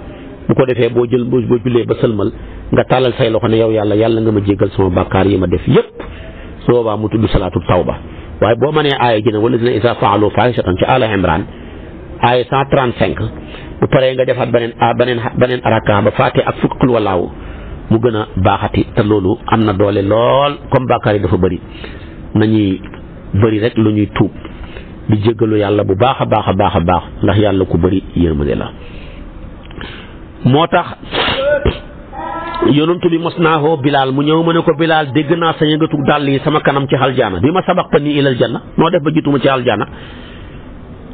bu ko defee boo jël boo jullee ba sëlmal nga talal say loxo ne yow yàlla yàlla nga ma jéggal sama bàkkaar yi ma def yépp su boobaa mu tudd salaatu tawba waaye boo mënee aaya ji ne wala dina isa faalu faahishatan ci Ala Imran aaya 135 bu paree nga defaat beneen a ah, beneen beneen araka ba faatee ak fukk walaaw mu gën a baaxati te loolu am na doole lool comme bàkkaar yi dafa bëri nañuy bëri rek lu ñuy tuub di jéggalu yàlla bu baax a baax a baax a baax ndax yàlla ku bëri yërmande la moo tax yonantu bi mos naa woo bilaal mu ñëw ma ne ko bilaal dégg naa sa yëngatu dàll yi sama kanam ci aljaana bi ma sabaq nii ilal janna noo def ba jituma ci aljaana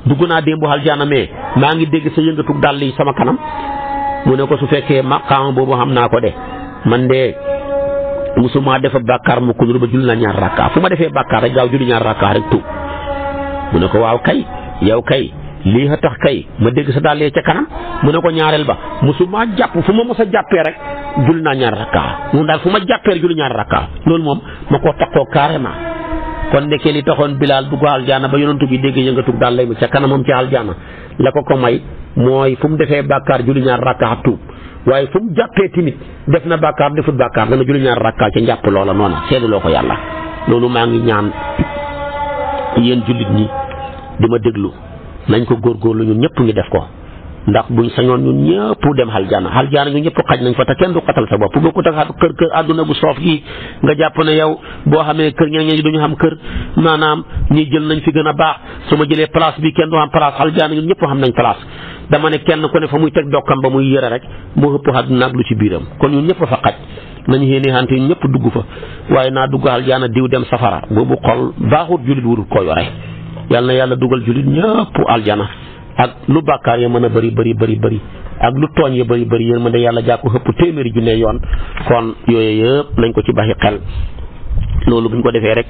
dugg naa démb aljaana mais maa ngi dégg sa yëngatu dàll yi sama kanam mu ne ko su fekkee maqaama boobu xam naa ko de man de musuma def bàkkaar mu kudur ba jul na ñaar rakka fu ma defee bàkkaar rek gaaw julli ñaar rakka rek tu mu ne ko waaw kay yow kay lii a tax kay ma dégg sa dàll yi ca mu ne ko ñaareel ba jul naa ñaar rakka moom daal fu ma jàppee jul ñaar rakka loolu moom ma ko takkoo carrément kon ndekkee li taxoon bilaal dugg aljaana ba yonantu bi dégg yëngatug daal lay mu ca kanamam ci aljaana la ko ko may mooy fu mu defee bàkkaar juli ñaar rakka tuub waaye fu mu jàppee timit def na bàkkaar defut bàkkaar dana juli ñaar rakka ca njàpp loola noona loo ko yàlla loolu maa ngi ñaan yéen jullit ñi di ma déglu nañ ko góor ñun ñëpp ngi def ko ndax bu buñ sañoon ñun ñëpp dem xaljaana xaljaana ñu ñëpp xaj nañ fa te kenn du xatal sa bopp bu bokkut ak kër kër àdduna bu soof gi nga jàpp yow boo xamee kër ñeneen ñi duñu xam kër maanaam ñi jël nañ fi gën a baax su ma jëlee place bi kenn du am place xaljaana ñun ñëpp xam nañ place dama ne kenn ku ne fa muy teg dokkam ba muy yëre rek moo ëpp àdduna ak lu ci biiram kon ñun ñëpp fa xaj nañu yéene xante ñun ñëpp dugg fa waaye naa dugg xaljaana diw dem safara boobu xol baaxut julit wurul ko yore yàlla yàlla dugal julit ñëpp aljana ak lu bàkkaar ya mën a bari bari bari bëri ak lu tooñ ya bari bari yéen mën de yàlla jàkku xëpp téeméeri ne yoon kon yooyu yëpp lañ ko ci baxi xel loolu buñ ko defee rek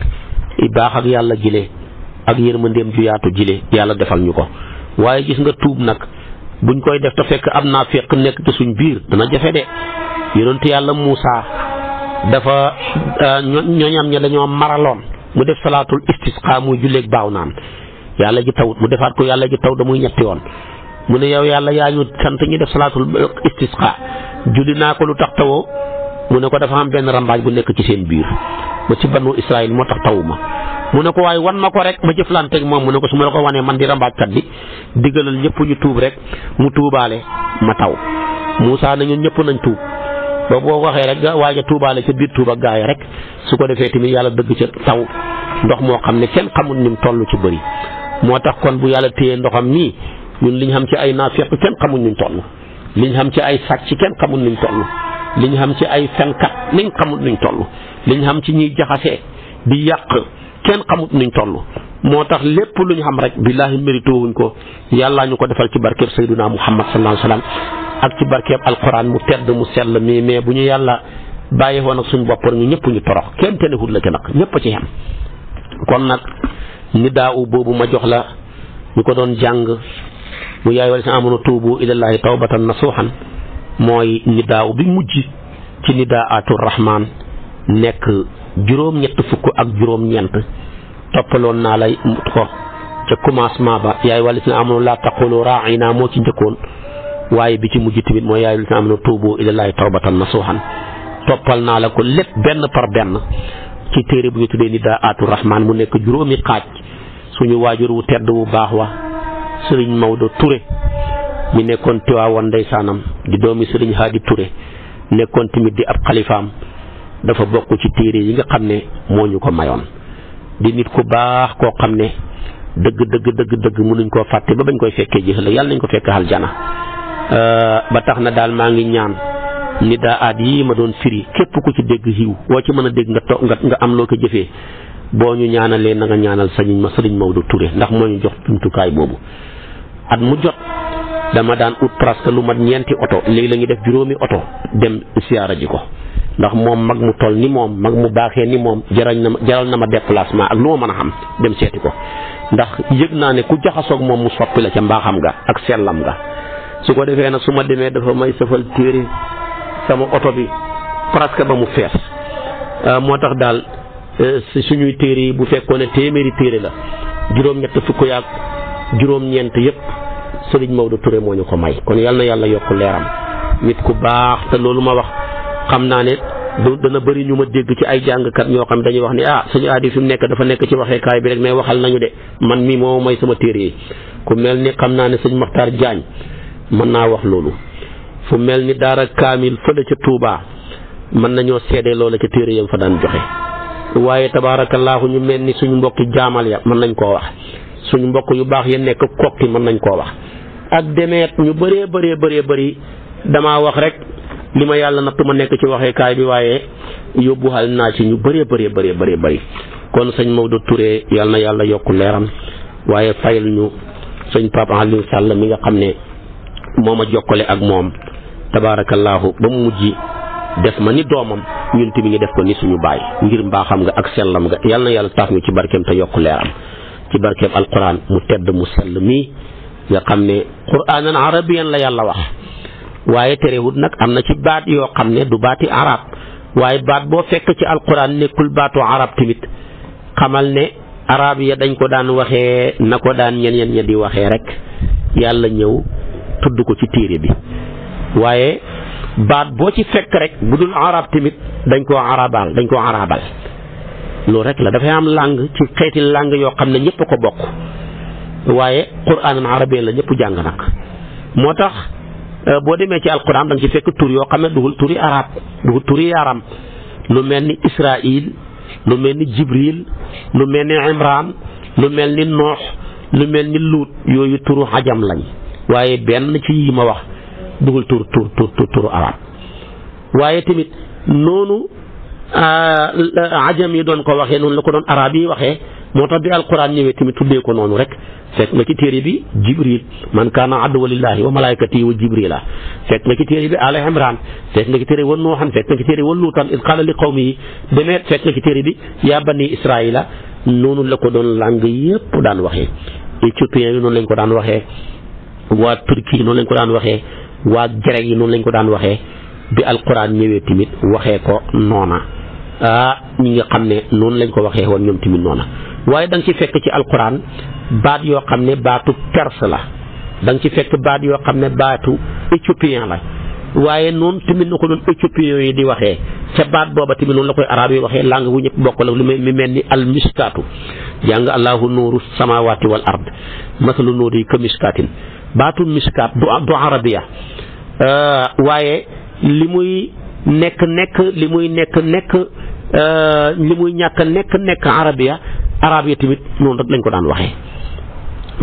baax ak yàlla jile ak yërmandeem ju yaatu jile yàlla defal ñu ko waaye gis nga tuub nag buñ koy def te fekk am naa fekk nekk ci biir dana jafe de yonentu yàlla Muusa dafa euh, ñooñam ña dañoo maraloon mu def salaatul istisqa muy baaw naan yalla ji tawut mu defat ko yalla ji taw da muy ñetti yoon mu ne yow yalla yaa ñu sant ñu def salatul istisqa julli naa ko lu tax tawo mu ne ko dafa am benn rambaaj bu nekk ci seen biir ba ci banu Israël moo tax tawuma ma mu ne ko waaye wan ma ko rek ma jëflanteeg moom mu ne ko su ma la ko wanee man di kat di diggalal ñëpp ñu tuub rek mu tuubaale ma taw musa na ñun ñëpp nañ tuub ba boo waxee rek waaja tuubaale ca biir tuuba gaay rek su ko defee tamit yàlla dëgg ca taw ndox moo xam ne kenn xamul ni mu ci bëri moo tax kon bu yàlla téye ndoxam nii ñun liñ xam ci ay naafeq kenn xamuñ nuñ toll liñ xam ci ay sàcc kenn xamuñ nuñ toll liñ xam ci ay fenkat niñ xamut nuñ toll liñ xam ci ñuy jaxase di yàq kenn xamut nuñ toll moo tax lépp luñ xam rek billaahi mérité wuñ ko yàllaa ñu ko defal ci barkeeb sayduna muhammad sallallahu alayhi wasallam ak ci barkeeb alquran mu tedd mu sell mii mais bu ñu yàlla bàyyi woon ak suñ boppar ñu ñëpp ñu torox kenn tenewut la ca nag ñëpp a ci xam kon nag ni daaw boobu ma jox la ñu ko doon jàng mu yaay wala si amoon tuubu ilallahi tawbatan nasuhan mooy ni daaw bi mujj ci ni daatu rahmaan nekk juróom-ñett fukk ak juróom-ñeent toppaloon naa la ko ca commencement ba yaay wala si amoon laa taqulu raina moo ci njëkkoon waaye bi ci mujj tamit mooy yaay wala si amoon tuubu ilallahi tawbatan nasuhan toppal naa la ko lépp benn par benn ci téere bu ñu tuddee ni daatu rahmaan mu nekk juróomi xaaj suñu waajur wu tedd wu baax wa sëriñ Maodo ture ñu nekkoon Tiwaawoon ndeysaanam di doomi sëriñ Haadi ture nekkoon tamit di ab xalifaam dafa bokk ci téere yi nga xam ne moo ñu ko mayoon di nit ku baax koo xam ne dëgg dëgg dëgg dëgg nuñ koo fàtte ba bañ koy fekkee ji ëllëg yàlla nañ ko fekk aljana euh, ba tax na daal maa ngi ñaan nit daa aat yii ma doon firi képp ku ci dégg xiw woo ci mën a dégg nga to nga am loo ko jëfee bo ñu ñaanalee na nga ñaanal sëriñ ma sëriñ mawdu Touré ndax moo ñu jox kay damadan at mu jot dama daan ut presque lu mat ñenti oto léegi lañu def juroomi oto dem siyaara ji ko ndax mom mag mu toll ni mom mag mu baxé ni mom jarañ na jaral na ma déplacement ak lu mëna xam dem séti ko ndax yëg na né ku ak mom mu soppi la ci mbaxam ga ak selam ga su ko na suma ma dafa may sefal téré sama oto bi presque ba mu fess euh, motax dal Euh, si suñuy téere yi bu fekkoon ne téeméeri téere la juróom-ñett fukk yaag juróom-ñeent yëpp Serigne Maodo Touré moo ñu ko may kon yal yàlla yokk leeram nit ku baax te loolu ma wax xam naa ne du dana bëri ñu ma dégg ci ay jàngkat ñoo xam dañuy wax ni ah suñu aadi fi mu nekk dafa nekk ci waxeekaay bi rek mais waxal nañu de man mii moo may sama téere yi ku mel ni xam naa ne suñu Maxtaar Jaañ mën naa wax loolu fu mel ni daara kaamil fële ca tuubaa mën nañoo seede loola ca téere yam fa daan joxe waaye tabaarakallaahu ñu mel ni suñu mbokki jaamal ya mën nañ koo wax suñu mbokk yu baax ya nekk kokki mën nañ koo wax ak demeet ñu bëree bëree bëree bëri damaa wax rek li ma yàlla nattu ma nekk ci waxeekaay bi waaye yóbbuwaal naa ci ñu bëree bëree bëree bëree bëri kon sëñ Maodo Touré yàlla na yàlla yokk leeram waaye fayal ñu sëñ Pape Alioune mi nga xam ne moo ma jokkale ak moom tabaarakallaahu ba mu mujj def ma ni doomam ñun tamit ñu def ko ni suñu baay ngir mbaaxam nga ak sellam nga yal na yàlla taaf ñu ci barkeem te yokk leeram ci barkeem alquran mu tedd mu sell mii nga xam ne quraanan arabiyan la yàlla wax waaye terewut nag am na ci baat yoo xam ne du baati arab waaye baat boo fekk ci alquran nekkul baatu arab tamit xamal ne arab ya dañ ko daan waxee na ko daan ñeneen ña di waxee rek yàlla ñëw tudd ko ci téere bi waaye baat boo ci fekk rek bu dul arab tamit dañ koo arabal dañ koo arabal loolu rek la dafay am langue ci xeeti langue yoo xam ne ñëpp a ko bokk waaye quraan arabien la ñëpp jàng nag moo tax euh, boo demee ci alquran da nga ci fekk tur yoo xam ne dugul turi arab dugul turi yaram lu mel ni israil lu mel ni jibril lu mel ni imran lu mel ni noox lu mel ni luut yooyu turu xajam lañ waaye benn ci yi ma wax dugal tur tur tur turu arab waaye tamit noonu ah, ajam yi doon ko waxee noonu la ko doon arab yi waxee moo tax bi alquran ñëwee tamit tuddee ko noonu rek fekk nga ci téere bi jibril man kaana aduwa lillahi wa malaikatihi wa jibrila fekk nga ci téere bi ala imran fekk nga ci téere wa nuuxan fekk nga ci téere wa luutan id qaala li qawmi yi demee fekk nga ci téere bi yaa bani israila noonu la ko doon làng yépp daan waxee éthiopien yi noonu lañ ko daan waxee waa turki noonu lañ ko daan waxee waa grec yi noonu lañ ko daan waxee bi alquran ñëwee tamit waxee ko noona ah ñi nga xam ne noonu lañ ko waxee woon ñoom tamit noona waaye danga nga ci fekk ci alquran baat yoo xam ne baatu perse la danga nga ci fekk baat yoo xam ne baatu éthiopien la waaye noonu tamit na ko doon éthiopien yi di waxee ca baat booba tamit noonu la koy arab yi waxee langue bu ñëpp bokk la lu mel mi mel ni almiskaatu jàng allahu nuuru samawaati wal ard masalu nuuri ka baatu miskaat du du arabiya euh, waaye li muy nekk nekk li muy nekk nekk euh, li muy ñàkk nekk nekk arabiya arab ya tamit noonu rek lañ ko daan waxee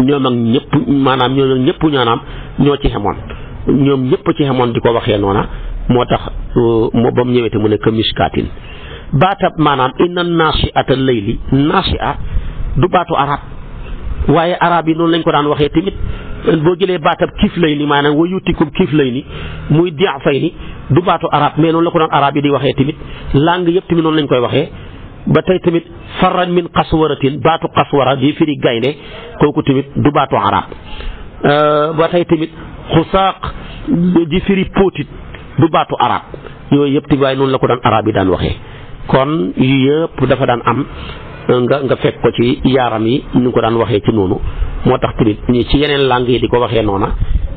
ñoom ak ñëpp maanaam ñoom ak ñëpp ñaanaam ñoo ci xemoon ñoom ñëpp ci xemoon di ko waxee noona moo tax euh, moo ba mu ñëwee te mu ne miskaatin baatab maanaam inna naasiata layli naasia du baatu arab waaye arab yi noonu lañ ko daan waxee tamit boo jëlee baatab kiif lay ni maanaam wayutikum kiif lay ni muy dian fay ni du baatu arab mais noonu la ko doon arab yi di waxee tamit langue yëpp tamit noonu lañ koy waxee ba tey tamit faran min xaswaratin baatu xaswara di firi gaynde kooku tamit du baato arab euh, ba tey tamit xusaaq di firi póotit du baatu arab yooyu yëpp tamit waaye noonu la ko doon arab yi daan waxee kon yu dafa daan am Euh, nga nga fekk ko ci yaaram yi ni ko daan waxee ci noonu moo tax tamit ñi ci yeneen langue di ko waxee noona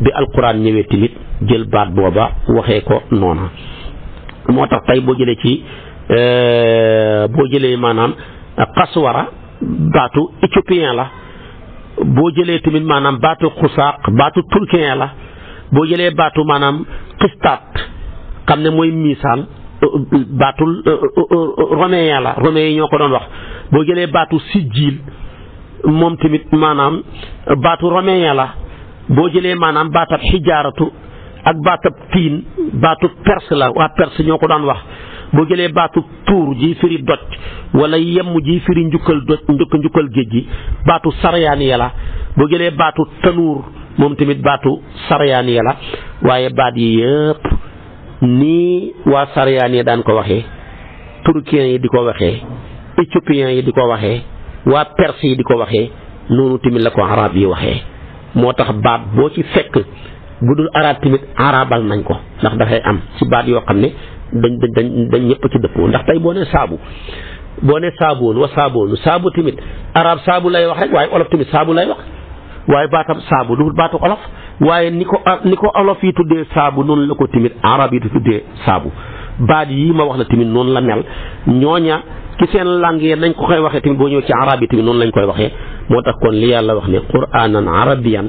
bi alquran ñëwee tamit jël baat booba waxee ko noona moo tax tey boo jëlee ci euh, boo jëlee maanaam xaswara baatu éthiopien la boo jëlee tamit maanaam baatu xusaaq baatu turkien la boo jëlee baatu maanaam xistaat xam ne mooy miisaan baatul euh, euh, euh, romain la romain yi ñoo ko doon wax boo jëlee baatu sijjiil moom tamit maanaam baatu romain la boo jëlee maanaam baatab xijaaratu ak baatab tiin baatu perse la waa perse ñoo ko daan wax boo jëlee baatu tuur ji firi doj wala yemm ji firi njukkal doj njukka njukkal géej gi baatu saryaaniya la boo jëlee baatu tanuur moom tamit baatu saryaaniya la waaye baat yi yëpp nii waa sariyaan yi daan ko waxee turkiyen yi di ko waxee éthiopiens yi di ko waxee waa perse yi di ko waxee noonu tamit la ko arab yi waxee moo tax baat boo ci fekk bu dul arab tamit arabal nañ ko ndax dafay am ci baat yoo xam ne dañ dañ dañ ñëpp ci dëppoo ndax tey boo nee saabu boo nee saaboon wa saaboonu saabu tamit arab saabu lay wax rek waaye olof tamit saabu lay wax waaye baatam saabu du baatu olof waaye ni ko ni ko olof yi tuddee saabu noonu la ko tamit arab yi tuddee saabu baat yi ma wax la tamit noonu la mel ñooña ci seen làng yi nañ ko koy waxee tamit boo ñëw ci arab yi tamit noonu lañ koy waxee moo tax kon li yàlla wax ne quraanan arabiyan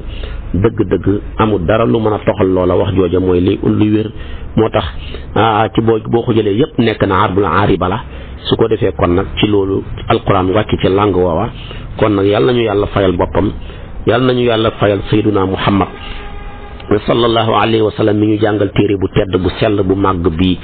dëgg-dëgg amul dara lu mën a toxal loola wax jooja mooy li lu wér moo tax ah, ci boo boo ko jëlee yëpp nekk na arbul ariba la su ko defee kon nag ci loolu alquran wàcc ci làng woowa kon nag yàlla ñu yàlla fayal boppam yàlla nañu yàlla fayal sayduna muhammad sallallahu alayhi wa sallam mi ñu jàngal téere bu tedd bu sell bu màgg bii